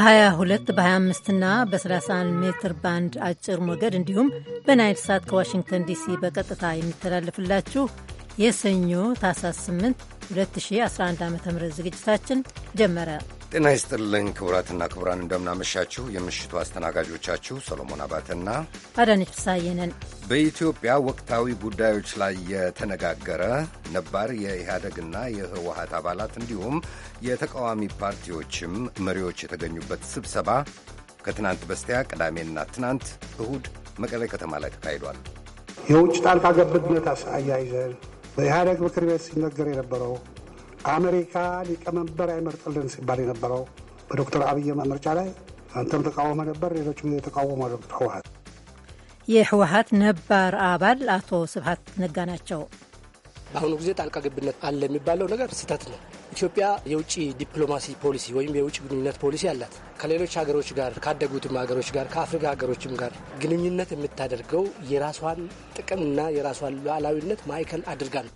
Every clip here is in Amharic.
በ22 በ25 እና በ31 ሜትር ባንድ አጭር ሞገድ እንዲሁም በናይል ሳት ከዋሽንግተን ዲሲ በቀጥታ የሚተላለፍላችሁ የሰኞ ታህሳስ 8 2011 ዓ ም ዝግጅታችን ጀመረ። ጤና ይስጥልኝ ክቡራትና ክቡራን፣ እንደምናመሻችሁ። የምሽቱ አስተናጋጆቻችሁ ሰሎሞን አባተና አዳነች ፍስሐዬ ነን። በኢትዮጵያ ወቅታዊ ጉዳዮች ላይ የተነጋገረ ነባር የኢህአደግና የህወሀት አባላት እንዲሁም የተቃዋሚ ፓርቲዎችም መሪዎች የተገኙበት ስብሰባ ከትናንት በስቲያ ቅዳሜና ትናንት እሁድ መቀሌ ከተማ ላይ ተካሂዷል። የውጭ ጣልቃ ገብነት አያይዘን በኢህአደግ ምክር ቤት ሲነገር የነበረው አሜሪካ ሊቀመንበር አይመርጥልን ሲባል የነበረው በዶክተር አብይ ምርጫ ላይ አንተም ተቃወመ ነበር፣ ሌሎችም የተቃወሙ ዶክተር ህወሀት የህወሀት ነባር አባል አቶ ስብሀት ነጋ ናቸው። በአሁኑ ጊዜ ጣልቃ ገብነት አለ የሚባለው ነገር ስህተት ነው። ኢትዮጵያ የውጭ ዲፕሎማሲ ፖሊሲ ወይም የውጭ ግንኙነት ፖሊሲ አላት። ከሌሎች ሀገሮች ጋር ካደጉትም ሀገሮች ጋር ከአፍሪካ ሀገሮችም ጋር ግንኙነት የምታደርገው የራሷን ጥቅምና የራሷን ሉዓላዊነት ማዕከል አድርጋ ነው።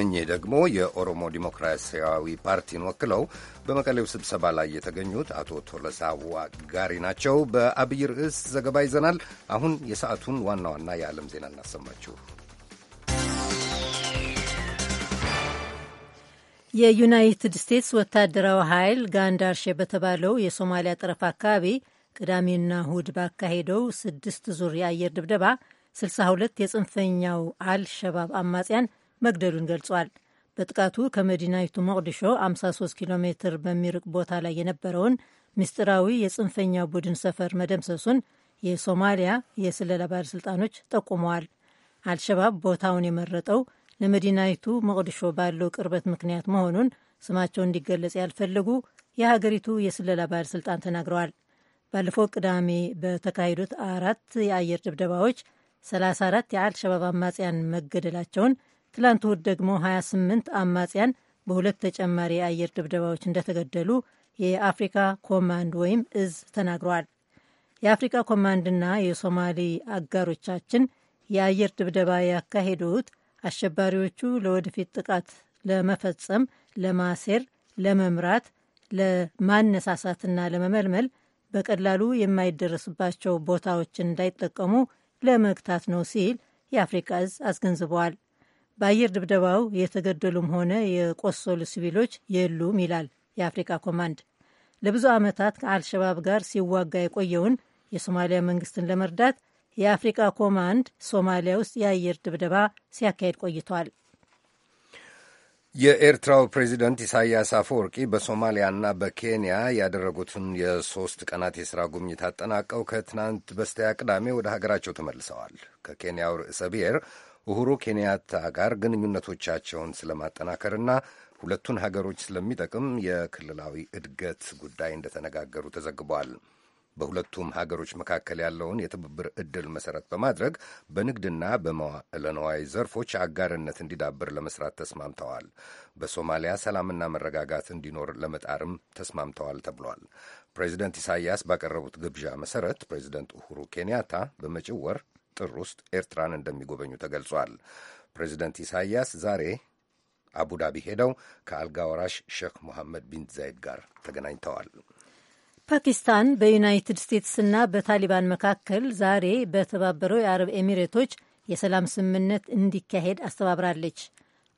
እኚህ ደግሞ የኦሮሞ ዲሞክራሲያዊ ፓርቲን ወክለው በመቀሌው ስብሰባ ላይ የተገኙት አቶ ቶለሳ ዋጋሪ ናቸው። በአብይ ርዕስ ዘገባ ይዘናል። አሁን የሰዓቱን ዋና ዋና የዓለም ዜና እናሰማችሁ። የዩናይትድ ስቴትስ ወታደራዊ ኃይል ጋንዳርሼ በተባለው የሶማሊያ ጠረፍ አካባቢ ቅዳሜና እሁድ ባካሄደው ስድስት ዙር የአየር ድብደባ 62 የጽንፈኛው አልሸባብ አማጽያን መግደሉን ገልጿል። በጥቃቱ ከመዲናይቱ ሞቅዲሾ 53 ኪሎ ሜትር በሚርቅ ቦታ ላይ የነበረውን ምስጢራዊ የጽንፈኛ ቡድን ሰፈር መደምሰሱን የሶማሊያ የስለላ ባለሥልጣኖች ጠቁመዋል። አልሸባብ ቦታውን የመረጠው ለመዲናይቱ ሞቅዲሾ ባለው ቅርበት ምክንያት መሆኑን ስማቸው እንዲገለጽ ያልፈለጉ የሀገሪቱ የስለላ ባለሥልጣን ተናግረዋል። ባለፈው ቅዳሜ በተካሄዱት አራት የአየር ድብደባዎች 34 የአልሸባብ አማጽያን መገደላቸውን ትላንት እሁድ ደግሞ 28 አማጽያን በሁለት ተጨማሪ የአየር ድብደባዎች እንደተገደሉ የአፍሪካ ኮማንድ ወይም እዝ ተናግረዋል። የአፍሪካ ኮማንድና የሶማሌ አጋሮቻችን የአየር ድብደባ ያካሄዱት አሸባሪዎቹ ለወደፊት ጥቃት ለመፈጸም፣ ለማሴር፣ ለመምራት፣ ለማነሳሳትና ለመመልመል በቀላሉ የማይደረስባቸው ቦታዎችን እንዳይጠቀሙ ለመግታት ነው ሲል የአፍሪካ እዝ አስገንዝበዋል። በአየር ድብደባው የተገደሉም ሆነ የቆሰሉ ሲቪሎች የሉም ይላል የአፍሪካ ኮማንድ። ለብዙ ዓመታት ከአልሸባብ ጋር ሲዋጋ የቆየውን የሶማሊያ መንግስትን ለመርዳት የአፍሪካ ኮማንድ ሶማሊያ ውስጥ የአየር ድብደባ ሲያካሄድ ቆይቷል። የኤርትራው ፕሬዚደንት ኢሳያስ አፈወርቂ በሶማሊያና በኬንያ ያደረጉትን የሶስት ቀናት የሥራ ጉብኝት አጠናቀው ከትናንት በስቲያ ቅዳሜ ወደ ሀገራቸው ተመልሰዋል። ከኬንያው ርዕሰ ብሔር ኡሁሩ ኬንያታ ጋር ግንኙነቶቻቸውን ስለማጠናከርና ሁለቱን ሀገሮች ስለሚጠቅም የክልላዊ እድገት ጉዳይ እንደተነጋገሩ ተዘግቧል። በሁለቱም ሀገሮች መካከል ያለውን የትብብር ዕድል መሠረት በማድረግ በንግድና በመዋዕለ ንዋይ ዘርፎች አጋርነት እንዲዳብር ለመስራት ተስማምተዋል። በሶማሊያ ሰላምና መረጋጋት እንዲኖር ለመጣርም ተስማምተዋል ተብሏል። ፕሬዚደንት ኢሳያስ ባቀረቡት ግብዣ መሠረት ፕሬዚደንት ኡሁሩ ኬንያታ በመጪው ወር ጥር ውስጥ ኤርትራን እንደሚጎበኙ ተገልጿል። ፕሬዚደንት ኢሳይያስ ዛሬ አቡዳቢ ሄደው ከአልጋ ወራሽ ሼክ ሞሐመድ ቢን ዛይድ ጋር ተገናኝተዋል። ፓኪስታን በዩናይትድ ስቴትስና በታሊባን መካከል ዛሬ በተባበረው የአረብ ኤሚሬቶች የሰላም ስምምነት እንዲካሄድ አስተባብራለች።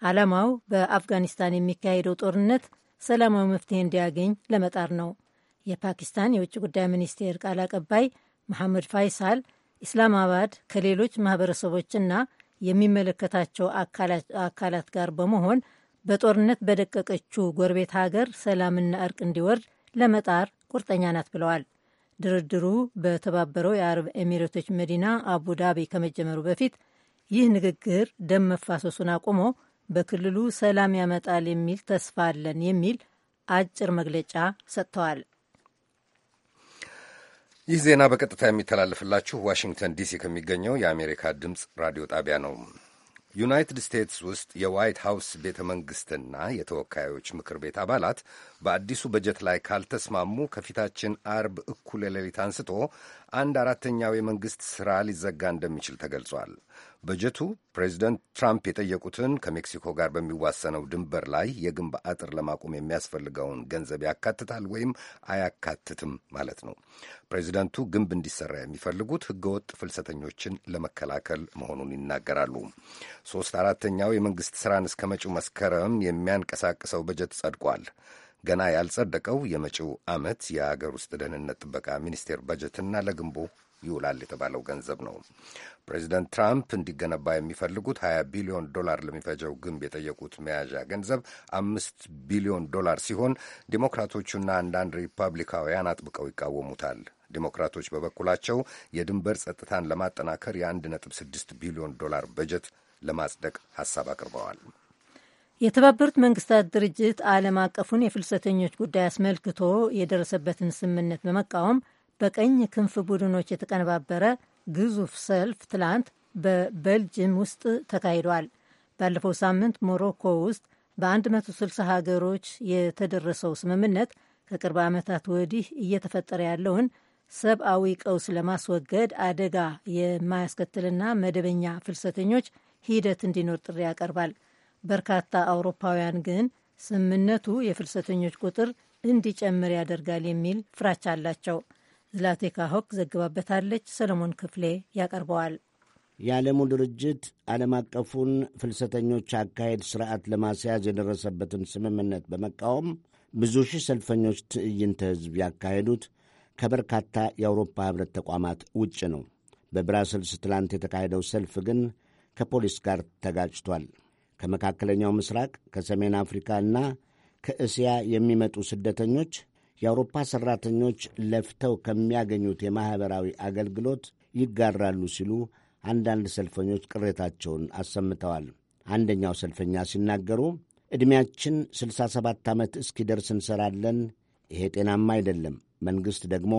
ዓላማው በአፍጋኒስታን የሚካሄደው ጦርነት ሰላማዊ መፍትሄ እንዲያገኝ ለመጣር ነው። የፓኪስታን የውጭ ጉዳይ ሚኒስቴር ቃል አቀባይ መሐመድ ፋይሳል ኢስላማባድ ከሌሎች ማህበረሰቦችና የሚመለከታቸው አካላት ጋር በመሆን በጦርነት በደቀቀችው ጎረቤት ሀገር ሰላምና እርቅ እንዲወርድ ለመጣር ቁርጠኛ ናት ብለዋል። ድርድሩ በተባበረው የአረብ ኤሚሬቶች መዲና አቡ ዳቢ ከመጀመሩ በፊት ይህ ንግግር ደም መፋሰሱን አቁሞ በክልሉ ሰላም ያመጣል የሚል ተስፋ አለን የሚል አጭር መግለጫ ሰጥተዋል። ይህ ዜና በቀጥታ የሚተላለፍላችሁ ዋሽንግተን ዲሲ ከሚገኘው የአሜሪካ ድምፅ ራዲዮ ጣቢያ ነው። ዩናይትድ ስቴትስ ውስጥ የዋይት ሃውስ ቤተ መንግሥትና የተወካዮች ምክር ቤት አባላት በአዲሱ በጀት ላይ ካልተስማሙ ከፊታችን አርብ እኩለ ሌሊት አንስቶ አንድ አራተኛው የመንግሥት ሥራ ሊዘጋ እንደሚችል ተገልጿል። በጀቱ ፕሬዚደንት ትራምፕ የጠየቁትን ከሜክሲኮ ጋር በሚዋሰነው ድንበር ላይ የግንብ አጥር ለማቆም የሚያስፈልገውን ገንዘብ ያካትታል ወይም አያካትትም ማለት ነው። ፕሬዚደንቱ ግንብ እንዲሰራ የሚፈልጉት ሕገወጥ ፍልሰተኞችን ለመከላከል መሆኑን ይናገራሉ። ሶስት አራተኛው የመንግሥት ሥራን እስከ መጪው መስከረም የሚያንቀሳቅሰው በጀት ጸድቋል። ገና ያልጸደቀው የመጪው ዓመት የአገር ውስጥ ደህንነት ጥበቃ ሚኒስቴር በጀትና ለግንቡ ይውላል የተባለው ገንዘብ ነው። ፕሬዚደንት ትራምፕ እንዲገነባ የሚፈልጉት 20 ቢሊዮን ዶላር ለሚፈጀው ግንብ የጠየቁት መያዣ ገንዘብ አምስት ቢሊዮን ዶላር ሲሆን ዴሞክራቶቹና አንዳንድ ሪፐብሊካውያን አጥብቀው ይቃወሙታል። ዴሞክራቶች በበኩላቸው የድንበር ጸጥታን ለማጠናከር የ1.6 ቢሊዮን ዶላር በጀት ለማጽደቅ ሐሳብ አቅርበዋል። የተባበሩት መንግስታት ድርጅት ዓለም አቀፉን የፍልሰተኞች ጉዳይ አስመልክቶ የደረሰበትን ስምምነት በመቃወም በቀኝ ክንፍ ቡድኖች የተቀነባበረ ግዙፍ ሰልፍ ትላንት በቤልጅየም ውስጥ ተካሂዷል። ባለፈው ሳምንት ሞሮኮ ውስጥ በ160 ሀገሮች የተደረሰው ስምምነት ከቅርብ ዓመታት ወዲህ እየተፈጠረ ያለውን ሰብአዊ ቀውስ ለማስወገድ አደጋ የማያስከትልና መደበኛ ፍልሰተኞች ሂደት እንዲኖር ጥሪ ያቀርባል። በርካታ አውሮፓውያን ግን ስምምነቱ የፍልሰተኞች ቁጥር እንዲጨምር ያደርጋል የሚል ፍራቻ አላቸው። ዝላቴካ ሆክ ዘግባበታለች። ሰለሞን ክፍሌ ያቀርበዋል። የዓለሙ ድርጅት ዓለም አቀፉን ፍልሰተኞች አካሄድ ስርዓት ለማስያዝ የደረሰበትን ስምምነት በመቃወም ብዙ ሺህ ሰልፈኞች ትዕይንተ ሕዝብ ያካሄዱት ከበርካታ የአውሮፓ ኅብረት ተቋማት ውጭ ነው። በብራስልስ ትላንት የተካሄደው ሰልፍ ግን ከፖሊስ ጋር ተጋጭቷል። ከመካከለኛው ምስራቅ፣ ከሰሜን አፍሪካ እና ከእስያ የሚመጡ ስደተኞች የአውሮፓ ሠራተኞች ለፍተው ከሚያገኙት የማኅበራዊ አገልግሎት ይጋራሉ ሲሉ አንዳንድ ሰልፈኞች ቅሬታቸውን አሰምተዋል። አንደኛው ሰልፈኛ ሲናገሩ ዕድሜያችን 67 ዓመት እስኪደርስ እንሠራለን። ይሄ ጤናማ አይደለም። መንግሥት ደግሞ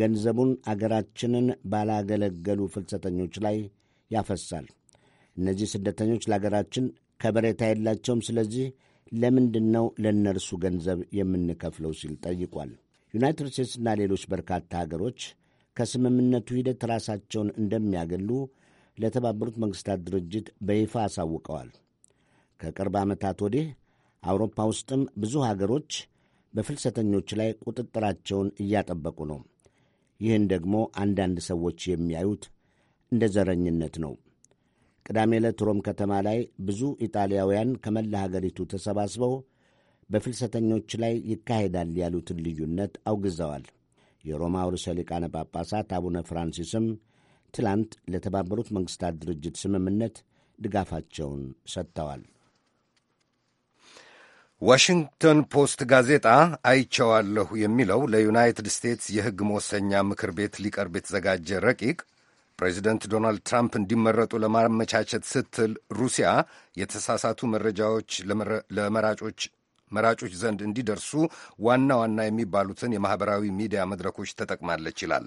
ገንዘቡን አገራችንን ባላገለገሉ ፍልሰተኞች ላይ ያፈሳል። እነዚህ ስደተኞች ለአገራችን ከበሬታ የላቸውም። ስለዚህ ለምንድን ነው ለእነርሱ ገንዘብ የምንከፍለው ሲል ጠይቋል። ዩናይትድ ስቴትስና ሌሎች በርካታ ሀገሮች ከስምምነቱ ሂደት ራሳቸውን እንደሚያገሉ ለተባበሩት መንግሥታት ድርጅት በይፋ አሳውቀዋል። ከቅርብ ዓመታት ወዲህ አውሮፓ ውስጥም ብዙ ሀገሮች በፍልሰተኞች ላይ ቁጥጥራቸውን እያጠበቁ ነው። ይህን ደግሞ አንዳንድ ሰዎች የሚያዩት እንደ ዘረኝነት ነው። ቅዳሜ ዕለት ሮም ከተማ ላይ ብዙ ኢጣሊያውያን ከመላ ሀገሪቱ ተሰባስበው በፍልሰተኞች ላይ ይካሄዳል ያሉትን ልዩነት አውግዘዋል። የሮማ ርዕሰ ሊቃነ ጳጳሳት አቡነ ፍራንሲስም ትላንት ለተባበሩት መንግሥታት ድርጅት ስምምነት ድጋፋቸውን ሰጥተዋል። ዋሽንግተን ፖስት ጋዜጣ አይቸዋለሁ የሚለው ለዩናይትድ ስቴትስ የሕግ መወሰኛ ምክር ቤት ሊቀርብ የተዘጋጀ ረቂቅ ፕሬዚደንት ዶናልድ ትራምፕ እንዲመረጡ ለማመቻቸት ስትል ሩሲያ የተሳሳቱ መረጃዎች ለመራጮች መራጮች ዘንድ እንዲደርሱ ዋና ዋና የሚባሉትን የማኅበራዊ ሚዲያ መድረኮች ተጠቅማለች ይላል።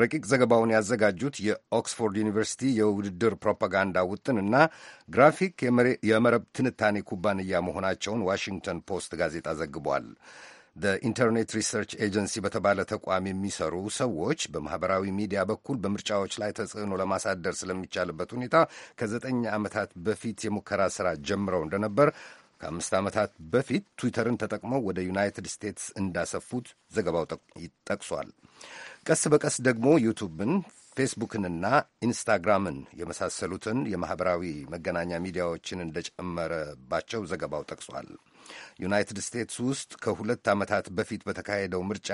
ረቂቅ ዘገባውን ያዘጋጁት የኦክስፎርድ ዩኒቨርሲቲ የውድድር ፕሮፓጋንዳ ውጥንና ግራፊክ የመረብ ትንታኔ ኩባንያ መሆናቸውን ዋሽንግተን ፖስት ጋዜጣ ዘግቧል። በኢንተርኔት ሪሰርች ኤጀንሲ በተባለ ተቋም የሚሰሩ ሰዎች በማህበራዊ ሚዲያ በኩል በምርጫዎች ላይ ተጽዕኖ ለማሳደር ስለሚቻልበት ሁኔታ ከዘጠኝ ዓመታት በፊት የሙከራ ስራ ጀምረው እንደነበር ከአምስት ዓመታት በፊት ትዊተርን ተጠቅመው ወደ ዩናይትድ ስቴትስ እንዳሰፉት ዘገባው ጠቅሷል። ቀስ በቀስ ደግሞ ዩቱብን፣ ፌስቡክንና ኢንስታግራምን የመሳሰሉትን የማኅበራዊ መገናኛ ሚዲያዎችን እንደጨመረባቸው ዘገባው ጠቅሷል። ዩናይትድ ስቴትስ ውስጥ ከሁለት ዓመታት በፊት በተካሄደው ምርጫ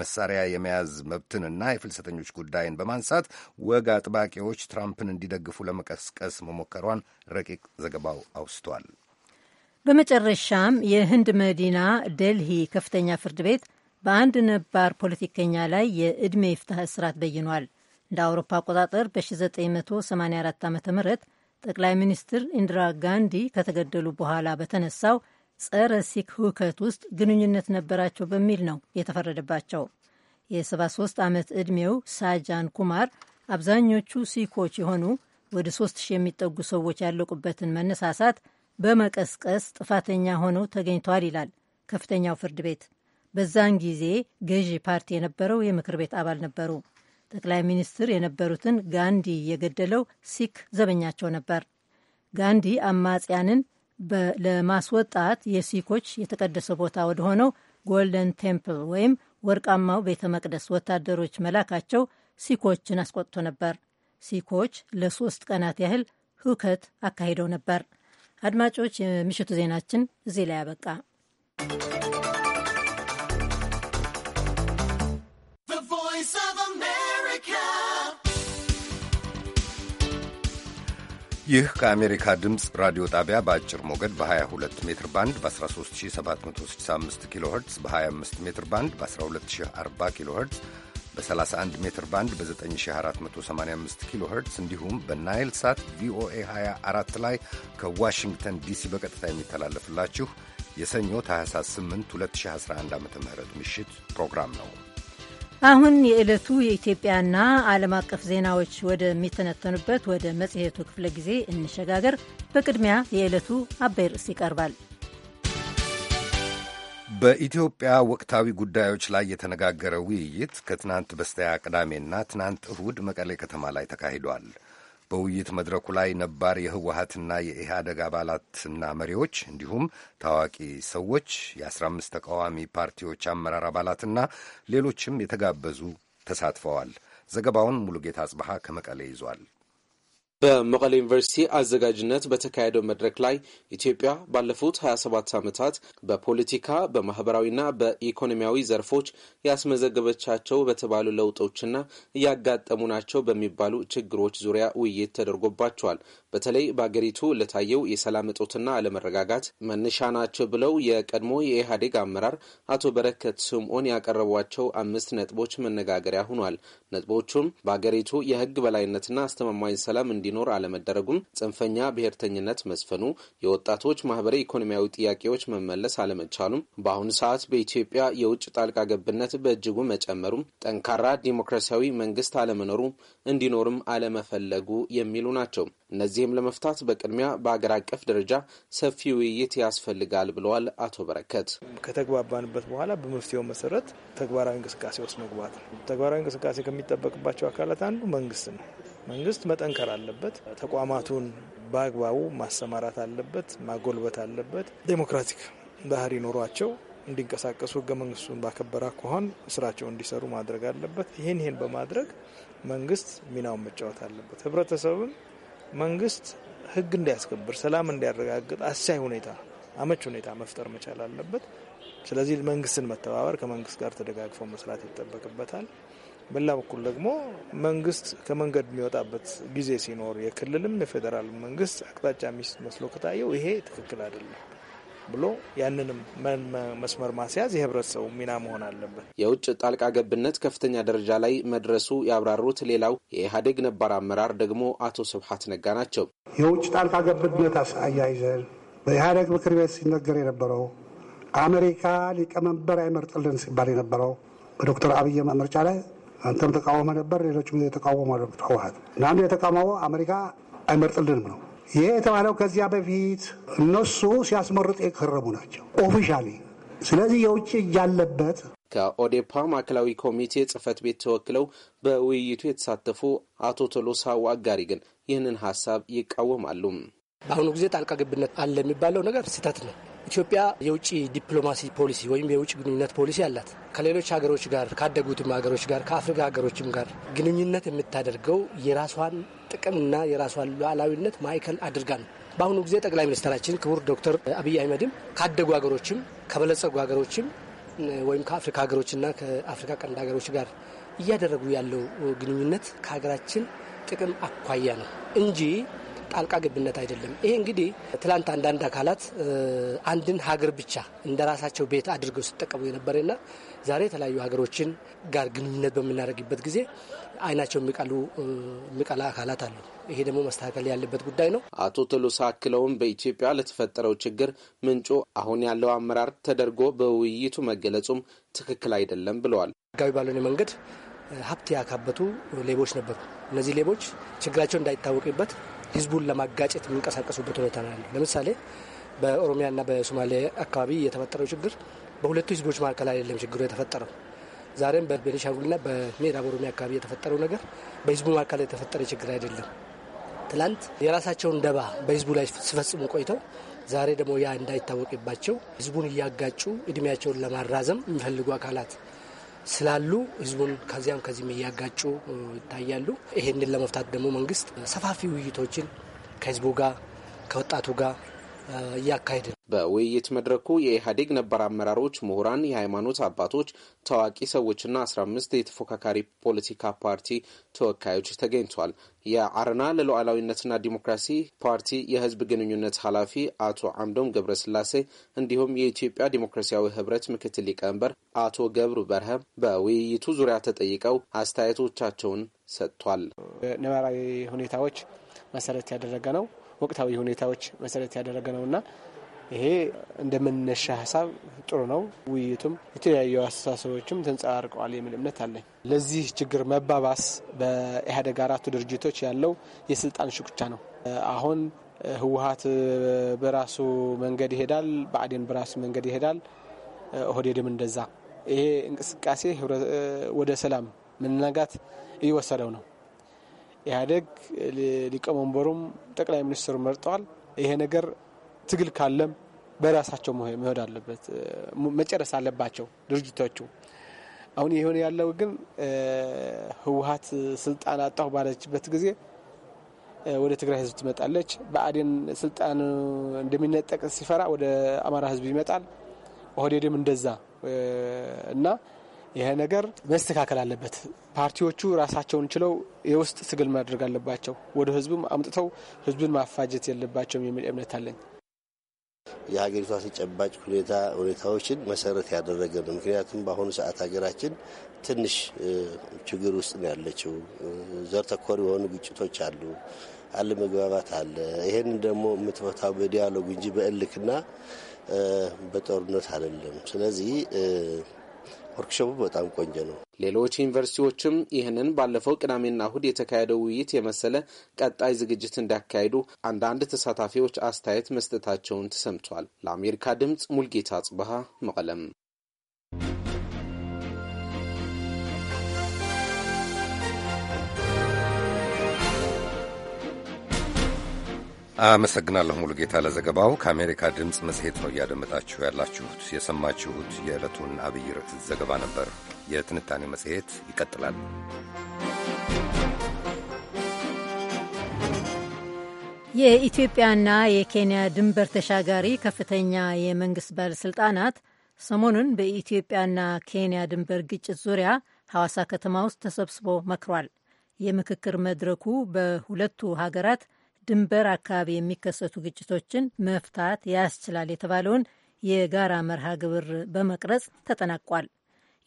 መሳሪያ የመያዝ መብትንና የፍልሰተኞች ጉዳይን በማንሳት ወግ አጥባቂዎች ትራምፕን እንዲደግፉ ለመቀስቀስ መሞከሯን ረቂቅ ዘገባው አውስቷል። በመጨረሻም የህንድ መዲና ደልሂ ከፍተኛ ፍርድ ቤት በአንድ ነባር ፖለቲከኛ ላይ የዕድሜ ፍትህ እስራት በይኗል። እንደ አውሮፓ አቆጣጠር በ1984 ዓ ም ጠቅላይ ሚኒስትር ኢንዲራ ጋንዲ ከተገደሉ በኋላ በተነሳው ጸረ ሲክ ሁከት ውስጥ ግንኙነት ነበራቸው በሚል ነው የተፈረደባቸው። የ73 ዓመት ዕድሜው ሳጃን ኩማር አብዛኞቹ ሲኮች የሆኑ ወደ 3000 የሚጠጉ ሰዎች ያለቁበትን መነሳሳት በመቀስቀስ ጥፋተኛ ሆነው ተገኝተዋል ይላል ከፍተኛው ፍርድ ቤት። በዛን ጊዜ ገዢ ፓርቲ የነበረው የምክር ቤት አባል ነበሩ። ጠቅላይ ሚኒስትር የነበሩትን ጋንዲ የገደለው ሲክ ዘበኛቸው ነበር። ጋንዲ አማጽያንን ለማስወጣት የሲኮች የተቀደሰ ቦታ ወደሆነው ጎልደን ቴምፕል ወይም ወርቃማው ቤተ መቅደስ ወታደሮች መላካቸው ሲኮችን አስቆጥቶ ነበር። ሲኮች ለሶስት ቀናት ያህል ሁከት አካሂደው ነበር። አድማጮች፣ የምሽቱ ዜናችን እዚህ ላይ አበቃ። ይህ ከአሜሪካ ድምፅ ራዲዮ ጣቢያ በአጭር ሞገድ በ22 ሜትር ባንድ በ13765 ኪሎ ኸርትዝ በ25 ሜትር ባንድ በ1240 ኪሎ ኸርትዝ በ31 ሜትር ባንድ በ9485 ኪሎ ኸርትዝ እንዲሁም በናይል ሳት ቪኦኤ 24 ላይ ከዋሽንግተን ዲሲ በቀጥታ የሚተላለፍላችሁ የሰኞ ታህሳስ 8 2011 ዓ ም ምሽት ፕሮግራም ነው። አሁን የዕለቱ የኢትዮጵያና ዓለም አቀፍ ዜናዎች ወደሚተነተኑበት ወደ መጽሔቱ ክፍለ ጊዜ እንሸጋገር። በቅድሚያ የዕለቱ አበይ ርዕስ ይቀርባል። በኢትዮጵያ ወቅታዊ ጉዳዮች ላይ የተነጋገረ ውይይት ከትናንት በስተያ ቅዳሜና ትናንት እሁድ መቀሌ ከተማ ላይ ተካሂዷል። በውይይት መድረኩ ላይ ነባር የህወሀትና የኢህአደግ አባላትና መሪዎች እንዲሁም ታዋቂ ሰዎች የአስራ አምስት ተቃዋሚ ፓርቲዎች አመራር አባላትና ሌሎችም የተጋበዙ ተሳትፈዋል። ዘገባውን ሙሉጌታ አጽብሃ ከመቀሌ ይዟል። በመቀሌ ዩኒቨርሲቲ አዘጋጅነት በተካሄደው መድረክ ላይ ኢትዮጵያ ባለፉት 27 ዓመታት በፖለቲካ በማህበራዊና በኢኮኖሚያዊ ዘርፎች ያስመዘገበቻቸው በተባሉ ለውጦችና እያጋጠሙ ናቸው በሚባሉ ችግሮች ዙሪያ ውይይት ተደርጎባቸዋል። በተለይ በአገሪቱ ለታየው የሰላም እጦትና አለመረጋጋት መነሻ ናቸው ብለው የቀድሞ የኢህአዴግ አመራር አቶ በረከት ስምዖን ያቀረቧቸው አምስት ነጥቦች መነጋገሪያ ሆኗል። ነጥቦቹም በአገሪቱ የህግ በላይነትና አስተማማኝ ሰላም እንዲኖር አለመደረጉም፣ ጽንፈኛ ብሔርተኝነት መስፈኑ፣ የወጣቶች ማህበራዊ ኢኮኖሚያዊ ጥያቄዎች መመለስ አለመቻሉም፣ በአሁኑ ሰዓት በኢትዮጵያ የውጭ ጣልቃ ገብነት በእጅጉ መጨመሩም፣ ጠንካራ ዲሞክራሲያዊ መንግስት አለመኖሩ እንዲኖርም አለመፈለጉ የሚሉ ናቸው። እነዚህ ጊዜም ለመፍታት በቅድሚያ በአገር አቀፍ ደረጃ ሰፊ ውይይት ያስፈልጋል ብለዋል አቶ በረከት። ከተግባባንበት በኋላ በመፍትሄው መሰረት ተግባራዊ እንቅስቃሴ ውስጥ መግባት ነው። ተግባራዊ እንቅስቃሴ ከሚጠበቅባቸው አካላት አንዱ መንግስት ነው። መንግስት መጠንከር አለበት። ተቋማቱን በአግባቡ ማሰማራት አለበት፣ ማጎልበት አለበት። ዴሞክራቲክ ባህሪ ኖሯቸው እንዲንቀሳቀሱ ህገ መንግስቱን ባከበራ ከሆን ስራቸው እንዲሰሩ ማድረግ አለበት። ይህን ይህን በማድረግ መንግስት ሚናውን መጫወት አለበት። ህብረተሰብም መንግስት ህግ እንዲያስከብር፣ ሰላም እንዲያረጋግጥ አስቻይ ሁኔታ አመች ሁኔታ መፍጠር መቻል አለበት። ስለዚህ መንግስትን መተባበር ከመንግስት ጋር ተደጋግፎ መስራት ይጠበቅበታል። በላ በኩል ደግሞ መንግስት ከመንገድ የሚወጣበት ጊዜ ሲኖር የክልልም የፌዴራል መንግስት አቅጣጫ ሚስት መስሎ ከታየው ይሄ ትክክል አይደለም። ብሎ ያንንም መስመር ማስያዝ የህብረተሰቡ ሚና መሆን አለበት። የውጭ ጣልቃ ገብነት ከፍተኛ ደረጃ ላይ መድረሱ ያብራሩት ሌላው የኢህአዴግ ነባር አመራር ደግሞ አቶ ስብሀት ነጋ ናቸው። የውጭ ጣልቃ ገብነት አያይዘን በኢህአዴግ ምክር ቤት ሲነገር የነበረው አሜሪካ ሊቀመንበር አይመርጥልን ሲባል የነበረው በዶክተር አብይ ምርጫ ላይ አንተም ተቃወመ ነበር፣ ሌሎችም የተቃወሙ ህወሓት እና አንዱ የተቃወመው አሜሪካ አይመርጥልንም ነው ይሄ የተባለው ከዚያ በፊት እነሱ ሲያስመርጡ የከረቡ ናቸው ኦፊሻሊ። ስለዚህ የውጭ እጅ ከኦዴፓ ማዕከላዊ ኮሚቴ ጽህፈት ቤት ተወክለው በውይይቱ የተሳተፉ አቶ ቶሎሳ ዋጋሪ ግን ይህንን ሀሳብ ይቃወማሉ። በአሁኑ ጊዜ ጣልቃ ገብነት አለ የሚባለው ነገር ስህተት ነው። ኢትዮጵያ የውጭ ዲፕሎማሲ ፖሊሲ ወይም የውጭ ግንኙነት ፖሊሲ አላት። ከሌሎች ሀገሮች ጋር ካደጉትም ሀገሮች ጋር ከአፍሪካ ሀገሮችም ጋር ግንኙነት የምታደርገው የራሷን ጥቅምና የራሷን ሉዓላዊነት ማዕከል አድርጋ ነው። በአሁኑ ጊዜ ጠቅላይ ሚኒስትራችን ክቡር ዶክተር አብይ አህመድም ካደጉ ሀገሮችም ከበለጸጉ ሀገሮችም ወይም ከአፍሪካ ሀገሮችና ከአፍሪካ ቀንድ ሀገሮች ጋር እያደረጉ ያለው ግንኙነት ከሀገራችን ጥቅም አኳያ ነው እንጂ ጣልቃ ግብነት አይደለም። ይሄ እንግዲህ ትላንት አንዳንድ አካላት አንድን ሀገር ብቻ እንደ ራሳቸው ቤት አድርገው ሲጠቀሙ የነበረና ዛሬ የተለያዩ ሀገሮችን ጋር ግንኙነት በምናደርግበት ጊዜ አይናቸው የሚቀሉ የሚቀላ አካላት አሉ። ይሄ ደግሞ መስተካከል ያለበት ጉዳይ ነው። አቶ ትሉሳ አክለውም በኢትዮጵያ ለተፈጠረው ችግር ምንጩ አሁን ያለው አመራር ተደርጎ በውይይቱ መገለጹም ትክክል አይደለም ብለዋል። ህጋዊ ባልሆነ መንገድ ሀብት ያካበቱ ሌቦች ነበሩ። እነዚህ ሌቦች ችግራቸው እንዳይታወቅበት ህዝቡን ለማጋጨት የሚንቀሳቀሱበት ሁኔታ ነው ያለው። ለምሳሌ በኦሮሚያና በሶማሌ አካባቢ የተፈጠረው ችግር በሁለቱ ህዝቦች መካከል አይደለም ችግሩ የተፈጠረው። ዛሬም በቤኒሻንጉልና በምዕራብ ኦሮሚያ አካባቢ የተፈጠረው ነገር በህዝቡ መካከል የተፈጠረ ችግር አይደለም። ትላንት የራሳቸውን ደባ በህዝቡ ላይ ሲፈጽሙ ቆይተው ዛሬ ደግሞ ያ እንዳይታወቅባቸው ህዝቡን እያጋጩ እድሜያቸውን ለማራዘም የሚፈልጉ አካላት ስላሉ ህዝቡን ከዚያም ከዚህም እያጋጩ ይታያሉ። ይሄንን ለመፍታት ደግሞ መንግስት ሰፋፊ ውይይቶችን ከህዝቡ ጋር ከወጣቱ ጋር እያካሄድ ነው። በውይይት መድረኩ የኢህአዴግ ነባር አመራሮች፣ ምሁራን፣ የሃይማኖት አባቶች፣ ታዋቂ ሰዎችና አስራ አምስት የተፎካካሪ ፖለቲካ ፓርቲ ተወካዮች ተገኝቷል። የአረና ለሉዓላዊነትና ዲሞክራሲ ፓርቲ የህዝብ ግንኙነት ኃላፊ አቶ አምዶም ገብረስላሴ እንዲሁም የኢትዮጵያ ዲሞክራሲያዊ ህብረት ምክትል ሊቀመንበር አቶ ገብሩ በርሀም በውይይቱ ዙሪያ ተጠይቀው አስተያየቶቻቸውን ሰጥቷል። ነባራዊ ሁኔታዎች መሰረት ያደረገ ነው። ወቅታዊ ሁኔታዎች መሰረት ያደረገ ነው እና ይሄ መነሻ ሀሳብ ጥሩ ነው። ውይይቱም የተለያዩ አስተሳሰቦችም ተንጸባርቀዋል የሚል እምነት አለኝ። ለዚህ ችግር መባባስ በኢህአዴግ አራቱ ድርጅቶች ያለው የስልጣን ሽኩቻ ነው። አሁን ህወሀት በራሱ መንገድ ይሄዳል፣ ብአዴን በራሱ መንገድ ይሄዳል፣ ኦህዴድም እንደዛ። ይሄ እንቅስቃሴ ወደ ሰላም መናጋት እየወሰደው ነው። ኢህአዴግ ሊቀመንበሩም ጠቅላይ ሚኒስትሩ መርጠዋል። ይሄ ነገር ትግል ካለም በራሳቸው መሄድ አለበት፣ መጨረስ አለባቸው ድርጅቶቹ። አሁን የሆነ ያለው ግን ህወሀት ስልጣን አጣሁ ባለችበት ጊዜ ወደ ትግራይ ህዝብ ትመጣለች። በአዴን ስልጣን እንደሚነጠቅ ሲፈራ ወደ አማራ ህዝብ ይመጣል። ኦህዴድም እንደዛ እና ይሄ ነገር መስተካከል አለበት። ፓርቲዎቹ ራሳቸውን ችለው የውስጥ ትግል ማድረግ አለባቸው። ወደ ህዝቡም አምጥተው ህዝቡን ማፋጀት የለባቸውም የሚል እምነት አለኝ። የሀገሪቷ ተጨባጭ ሁኔታ ሁኔታዎችን መሰረት ያደረገ ነው። ምክንያቱም በአሁኑ ሰዓት ሀገራችን ትንሽ ችግር ውስጥ ነው ያለችው። ዘር ተኮር የሆኑ ግጭቶች አሉ፣ አለመግባባት አለ። ይህንን ደግሞ የምትፈታው በዲያሎግ እንጂ በእልክና በጦርነት አይደለም። ስለዚህ ወርክሾፑ በጣም ቆንጆ ነው። ሌሎች ዩኒቨርሲቲዎችም ይህንን ባለፈው ቅዳሜና እሁድ የተካሄደው ውይይት የመሰለ ቀጣይ ዝግጅት እንዳካሄዱ አንዳንድ ተሳታፊዎች አስተያየት መስጠታቸውን ተሰምቷል። ለአሜሪካ ድምፅ ሙልጌታ ጽብሃ መቀለም አመሰግናለሁ ሙሉ ጌታ ለዘገባው። ከአሜሪካ ድምፅ መጽሔት ነው እያደመጣችሁ ያላችሁት። የሰማችሁት የዕለቱን አብይ ርዕስ ዘገባ ነበር። የትንታኔ መጽሔት ይቀጥላል። የኢትዮጵያና የኬንያ ድንበር ተሻጋሪ ከፍተኛ የመንግሥት ባለሥልጣናት ሰሞኑን በኢትዮጵያና ኬንያ ድንበር ግጭት ዙሪያ ሐዋሳ ከተማ ውስጥ ተሰብስቦ መክሯል። የምክክር መድረኩ በሁለቱ ሀገራት ድንበር አካባቢ የሚከሰቱ ግጭቶችን መፍታት ያስችላል የተባለውን የጋራ መርሃ ግብር በመቅረጽ ተጠናቋል።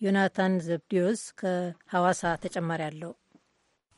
ዮናታን ዘብዲዮስ ከሐዋሳ ተጨማሪ አለው።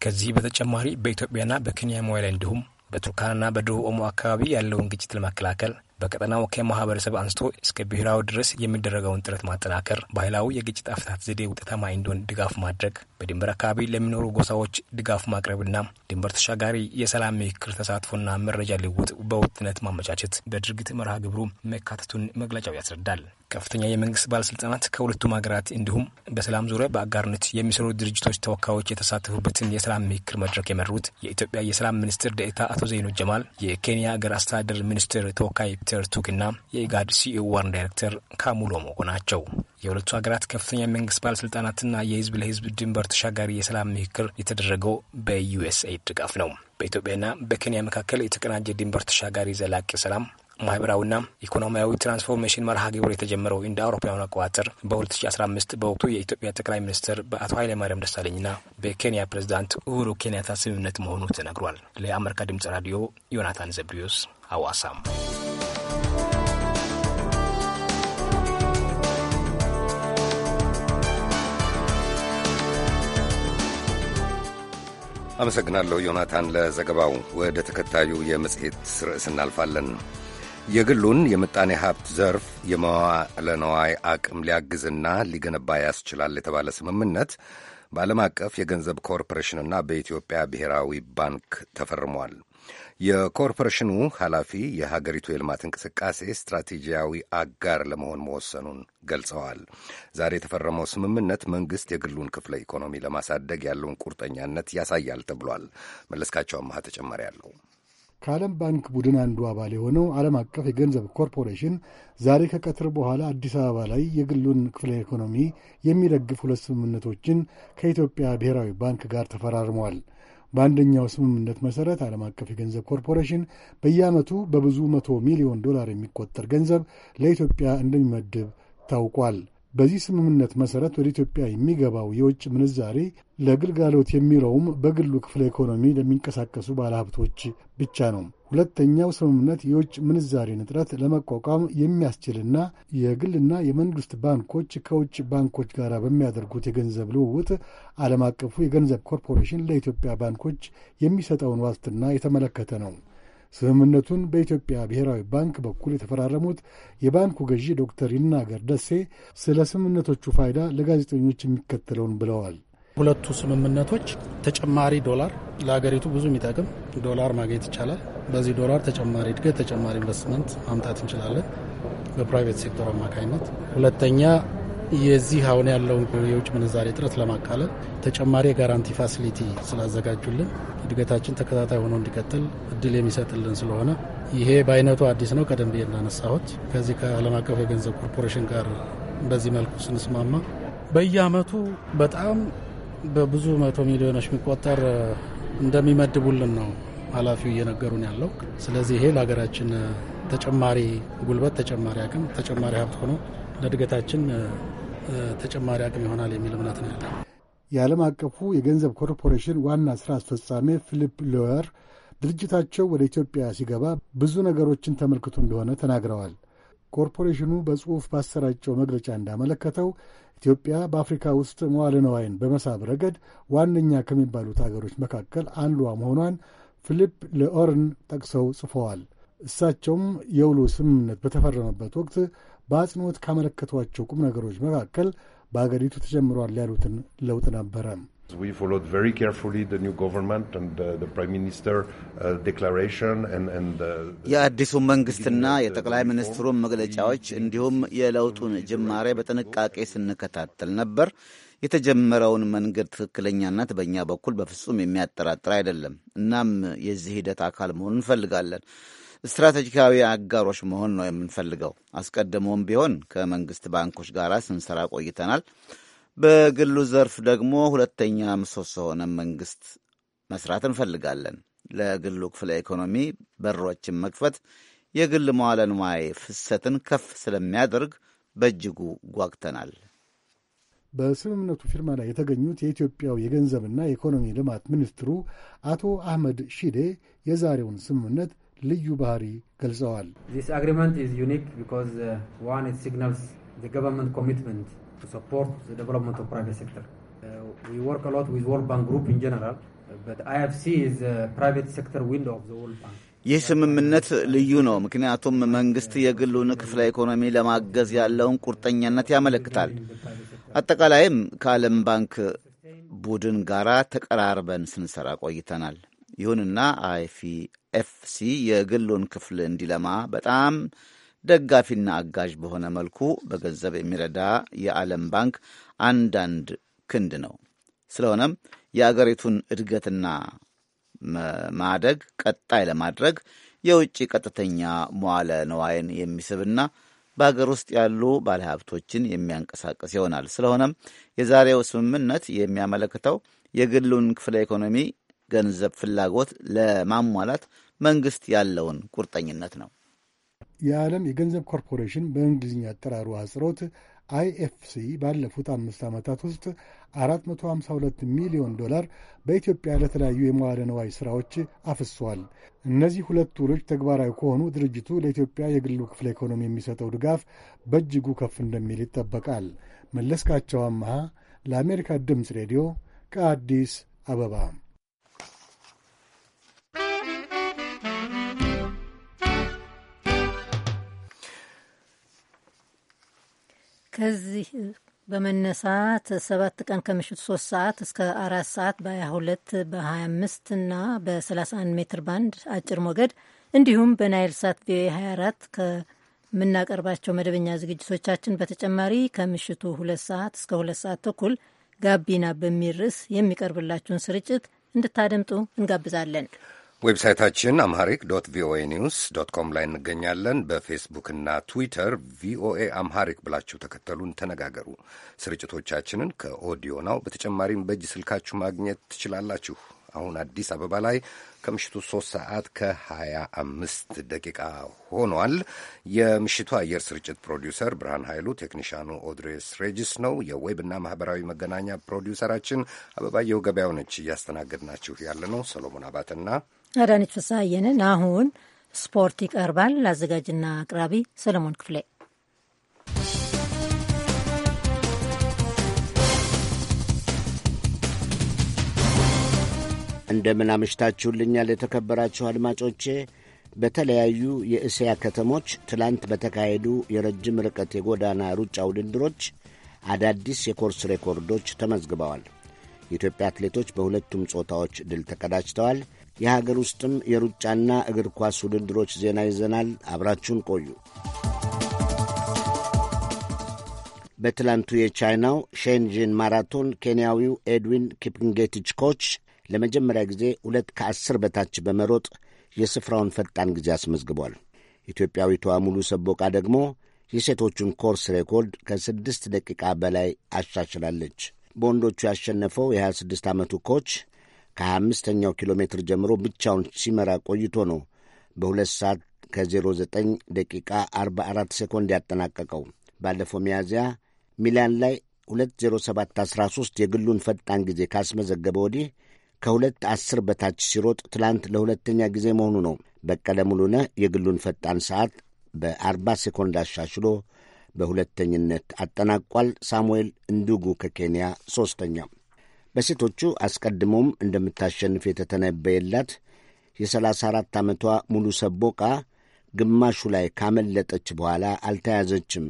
ከዚህ በተጨማሪ በኢትዮጵያና በኬንያ ሞያሌ እንዲሁም በቱርካንና በደቡብ ኦሞ አካባቢ ያለውን ግጭት ለመከላከል በቀጠናው ከማህበረሰብ አንስቶ እስከ ብሔራዊ ድረስ የሚደረገውን ጥረት ማጠናከር፣ ባህላዊ የግጭት አፍታት ዘዴ ውጤታማ እንዲሆን ድጋፍ ማድረግ፣ በድንበር አካባቢ ለሚኖሩ ጎሳዎች ድጋፍ ማቅረብና ድንበር ተሻጋሪ የሰላም ምክክር ተሳትፎና መረጃ ልውውጥ በውጥነት ማመቻቸት በድርጊት መርሃ ግብሩ መካተቱን መግለጫው ያስረዳል። ከፍተኛ የመንግስት ባለስልጣናት ከሁለቱም ሀገራት እንዲሁም በሰላም ዙሪያ በአጋርነት የሚሰሩ ድርጅቶች ተወካዮች የተሳተፉበትን የሰላም ምክክር መድረክ የመሩት የኢትዮጵያ የሰላም ሚኒስትር ደኤታ አቶ ዘይኖ ጀማል፣ የኬንያ ሀገር አስተዳደር ሚኒስትር ተወካይ ፒተር ቱክ እና የኢጋድ ሲኢኦ ዋን ዳይሬክተር ካሙሎ ሞኮ ናቸው። የሁለቱ ሀገራት ከፍተኛ የመንግስት ባለስልጣናትና የህዝብ ለህዝብ ድንበር ተሻጋሪ የሰላም ምክክር የተደረገው በዩኤስኤ ድጋፍ ነው። በኢትዮጵያና በኬንያ መካከል የተቀናጀ ድንበር ተሻጋሪ ዘላቂ ሰላም ማህበራዊና ኢኮኖሚያዊ ትራንስፎርሜሽን መርሃ ግብር የተጀመረው እንደ አውሮፓውያን አቆጣጠር በ2015 በወቅቱ የኢትዮጵያ ጠቅላይ ሚኒስትር በአቶ ኃይለማርያም ደሳለኝና በኬንያ ፕሬዚዳንት ኡሁሩ ኬንያታ ስምምነት መሆኑ ተነግሯል። ለአሜሪካ ድምጽ ራዲዮ ዮናታን ዘብሪዮስ ሐዋሳም አመሰግናለሁ ዮናታን ለዘገባው። ወደ ተከታዩ የመጽሔት ርዕስ እናልፋለን። የግሉን የምጣኔ ሀብት ዘርፍ የመዋዕለ ነዋይ አቅም ሊያግዝና ሊገነባ ያስችላል የተባለ ስምምነት በዓለም አቀፍ የገንዘብ ኮርፖሬሽንና በኢትዮጵያ ብሔራዊ ባንክ ተፈርሟል። የኮርፖሬሽኑ ኃላፊ የሀገሪቱ የልማት እንቅስቃሴ ስትራቴጂያዊ አጋር ለመሆን መወሰኑን ገልጸዋል። ዛሬ የተፈረመው ስምምነት መንግሥት የግሉን ክፍለ ኢኮኖሚ ለማሳደግ ያለውን ቁርጠኛነት ያሳያል ተብሏል። መለስካቸው አማሃ ተጨማሪ አለው። ከዓለም ባንክ ቡድን አንዱ አባል የሆነው ዓለም አቀፍ የገንዘብ ኮርፖሬሽን ዛሬ ከቀትር በኋላ አዲስ አበባ ላይ የግሉን ክፍለ ኢኮኖሚ የሚደግፍ ሁለት ስምምነቶችን ከኢትዮጵያ ብሔራዊ ባንክ ጋር ተፈራርመዋል። በአንደኛው ስምምነት መሠረት ዓለም አቀፍ የገንዘብ ኮርፖሬሽን በየዓመቱ በብዙ መቶ ሚሊዮን ዶላር የሚቆጠር ገንዘብ ለኢትዮጵያ እንደሚመድብ ታውቋል። በዚህ ስምምነት መሠረት ወደ ኢትዮጵያ የሚገባው የውጭ ምንዛሬ ለግልጋሎት የሚውለውም በግሉ ክፍለ ኢኮኖሚ ለሚንቀሳቀሱ ባለሀብቶች ብቻ ነው። ሁለተኛው ስምምነት የውጭ ምንዛሬን እጥረት ለመቋቋም የሚያስችልና የግልና የመንግሥት ባንኮች ከውጭ ባንኮች ጋር በሚያደርጉት የገንዘብ ልውውጥ ዓለም አቀፉ የገንዘብ ኮርፖሬሽን ለኢትዮጵያ ባንኮች የሚሰጠውን ዋስትና የተመለከተ ነው። ስምምነቱን በኢትዮጵያ ብሔራዊ ባንክ በኩል የተፈራረሙት የባንኩ ገዢ ዶክተር ይናገር ደሴ ስለ ስምምነቶቹ ፋይዳ ለጋዜጠኞች የሚከተለውን ብለዋል። ሁለቱ ስምምነቶች ተጨማሪ ዶላር ለሀገሪቱ ብዙ የሚጠቅም ዶላር ማግኘት ይቻላል። በዚህ ዶላር ተጨማሪ እድገት፣ ተጨማሪ ኢንቨስትመንት ማምጣት እንችላለን በፕራይቬት ሴክተር አማካኝነት። ሁለተኛ የዚህ አሁን ያለውን የውጭ ምንዛሬ እጥረት ለማቃለል ተጨማሪ የጋራንቲ ፋሲሊቲ ስላዘጋጁልን እድገታችን ተከታታይ ሆኖ እንዲቀጥል እድል የሚሰጥልን ስለሆነ ይሄ በአይነቱ አዲስ ነው። ቀደም ብዬ እንዳነሳሁት ከዚህ ከዓለም አቀፍ የገንዘብ ኮርፖሬሽን ጋር በዚህ መልኩ ስንስማማ በየአመቱ በጣም በብዙ መቶ ሚሊዮኖች የሚቆጠር እንደሚመድቡልን ነው ኃላፊው እየነገሩን ያለው። ስለዚህ ይሄ ለሀገራችን ተጨማሪ ጉልበት፣ ተጨማሪ አቅም፣ ተጨማሪ ሀብት ሆኖ ለእድገታችን ተጨማሪ አቅም ይሆናል የሚል እምነት ነው ያለ። የዓለም አቀፉ የገንዘብ ኮርፖሬሽን ዋና ስራ አስፈጻሚ ፊሊፕ ሎየር ድርጅታቸው ወደ ኢትዮጵያ ሲገባ ብዙ ነገሮችን ተመልክቶ እንደሆነ ተናግረዋል። ኮርፖሬሽኑ በጽሑፍ ባሰራጨው መግለጫ እንዳመለከተው ኢትዮጵያ በአፍሪካ ውስጥ መዋለ ነዋይን በመሳብ ረገድ ዋነኛ ከሚባሉት አገሮች መካከል አንዷ መሆኗን ፊሊፕ ሎርን ጠቅሰው ጽፈዋል። እሳቸውም የውሉ ስምምነት በተፈረመበት ወቅት በአጽንኦት ካመለከቷቸው ቁም ነገሮች መካከል በአገሪቱ ተጀምሯል ያሉትን ለውጥ ነበረ። uh, የአዲሱ መንግስትና የጠቅላይ ሚኒስትሩን መግለጫዎች እንዲሁም የለውጡን ጅማሬ በጥንቃቄ ስንከታተል ነበር። የተጀመረውን መንገድ ትክክለኛነት በእኛ በኩል በፍጹም የሚያጠራጥር አይደለም። እናም የዚህ ሂደት አካል መሆኑን እንፈልጋለን። ስትራቴጂካዊ አጋሮች መሆን ነው የምንፈልገው። አስቀድሞም ቢሆን ከመንግስት ባንኮች ጋር ስንሰራ ቆይተናል። በግሉ ዘርፍ ደግሞ ሁለተኛ ምሰሶ ሆነ መንግስት መስራት እንፈልጋለን። ለግሉ ክፍለ ኢኮኖሚ በሮችን መክፈት የግል መዋለ ንዋይ ፍሰትን ከፍ ስለሚያደርግ በእጅጉ ጓግተናል። በስምምነቱ ፊርማ ላይ የተገኙት የኢትዮጵያው የገንዘብና የኢኮኖሚ ልማት ሚኒስትሩ አቶ አህመድ ሺዴ የዛሬውን ስምምነት ልዩ ባህሪ ገልጸዋል። uh, uh, ይህ ስምምነት ልዩ ነው፣ ምክንያቱም መንግሥት የግሉን ክፍለ ኢኮኖሚ ለማገዝ ያለውን ቁርጠኛነት ያመለክታል። አጠቃላይም ከዓለም ባንክ ቡድን ጋር ተቀራርበን ስንሰራ ቆይተናል። ይሁንና ኤፍሲ የግሉን ክፍል እንዲለማ በጣም ደጋፊና አጋዥ በሆነ መልኩ በገንዘብ የሚረዳ የዓለም ባንክ አንዳንድ ክንድ ነው። ስለሆነም የአገሪቱን እድገትና ማደግ ቀጣይ ለማድረግ የውጭ ቀጥተኛ መዋለ ነዋይን የሚስብና በሀገር ውስጥ ያሉ ባለሀብቶችን የሚያንቀሳቅስ ይሆናል። ስለሆነም የዛሬው ስምምነት የሚያመለክተው የግሉን ክፍለ ኢኮኖሚ ገንዘብ ፍላጎት ለማሟላት መንግስት ያለውን ቁርጠኝነት ነው። የዓለም የገንዘብ ኮርፖሬሽን በእንግሊዝኛ አጠራሩ አጽሮት አይኤፍሲ ባለፉት አምስት ዓመታት ውስጥ 452 ሚሊዮን ዶላር በኢትዮጵያ ለተለያዩ የመዋለ ነዋይ ሥራዎች አፍሷል። እነዚህ ሁለት ውሎች ተግባራዊ ከሆኑ ድርጅቱ ለኢትዮጵያ የግሉ ክፍለ ኢኮኖሚ የሚሰጠው ድጋፍ በእጅጉ ከፍ እንደሚል ይጠበቃል። መለስካቸው አመሃ ለአሜሪካ ድምፅ ሬዲዮ ከአዲስ አበባ ከዚህ በመነሳት ሰባት ቀን ከምሽቱ ሶስት ሰዓት እስከ አራት ሰዓት በ22 በ25 እና በ31 ሜትር ባንድ አጭር ሞገድ እንዲሁም በናይል ሳት ቪኦኤ 24 ከምናቀርባቸው መደበኛ ዝግጅቶቻችን በተጨማሪ ከምሽቱ ሁለት ሰዓት እስከ ሁለት ሰዓት ተኩል ጋቢና በሚል ርዕስ የሚቀርብላችሁን ስርጭት እንድታደምጡ እንጋብዛለን። ዌብሳይታችን አምሃሪክ ዶት ቪኦኤ ኒውስ ዶት ኮም ላይ እንገኛለን። በፌስቡክና ትዊተር ቪኦኤ አምሃሪክ ብላችሁ ተከተሉን፣ ተነጋገሩ። ስርጭቶቻችንን ከኦዲዮ ናው በተጨማሪም በእጅ ስልካችሁ ማግኘት ትችላላችሁ። አሁን አዲስ አበባ ላይ ከምሽቱ ሶስት ሰዓት ከሀያ አምስት ደቂቃ ሆኗል። የምሽቱ አየር ስርጭት ፕሮዲውሰር ብርሃን ኃይሉ፣ ቴክኒሻኑ ኦድሬስ ሬጅስ ነው። የዌብና ማህበራዊ መገናኛ ፕሮዲውሰራችን አበባየው ገበያው ነች። እያስተናገድናችሁ ያለ ነው ሰሎሞን አባተና አዳነች ፍስሐየንን። አሁን ስፖርት ይቀርባል። አዘጋጅና አቅራቢ ሰለሞን ክፍሌ። እንደምን አምሽታችሁልኛል የተከበራችሁ አድማጮቼ። በተለያዩ የእስያ ከተሞች ትላንት በተካሄዱ የረጅም ርቀት የጎዳና ሩጫ ውድድሮች አዳዲስ የኮርስ ሬኮርዶች ተመዝግበዋል። የኢትዮጵያ አትሌቶች በሁለቱም ጾታዎች ድል ተቀዳጅተዋል። የሀገር ውስጥም የሩጫና እግር ኳስ ውድድሮች ዜና ይዘናል። አብራችሁን ቆዩ። በትላንቱ የቻይናው ሼንጂን ማራቶን ኬንያዊው ኤድዊን ኪፕንጌቲች ኮች ለመጀመሪያ ጊዜ ሁለት ከአስር በታች በመሮጥ የስፍራውን ፈጣን ጊዜ አስመዝግቧል። ኢትዮጵያዊቷ ሙሉ ሰቦቃ ደግሞ የሴቶቹን ኮርስ ሬኮርድ ከስድስት ደቂቃ በላይ አሻሽላለች። በወንዶቹ ያሸነፈው የ26 ዓመቱ ኮች ከአምስተኛው 25 ኪሎ ሜትር ጀምሮ ብቻውን ሲመራ ቆይቶ ነው በሁለት ሰዓት ከ09 ደቂቃ 44 ሴኮንድ ያጠናቀቀው። ባለፈው ሚያዝያ ሚላን ላይ 20713 የግሉን ፈጣን ጊዜ ካስመዘገበ ወዲህ ከሁለት አስር በታች ሲሮጥ ትላንት ለሁለተኛ ጊዜ መሆኑ ነው። በቀለ ሙሉነህ የግሉን ፈጣን ሰዓት በ40 ሴኮንድ አሻሽሎ በሁለተኝነት አጠናቋል። ሳሙኤል እንዱጉ ከኬንያ ሦስተኛው በሴቶቹ አስቀድሞም እንደምታሸንፍ የተተነበየላት የ ራት ዓመቷ ሙሉ ሰቦቃ ግማሹ ላይ ካመለጠች በኋላ አልተያዘችም።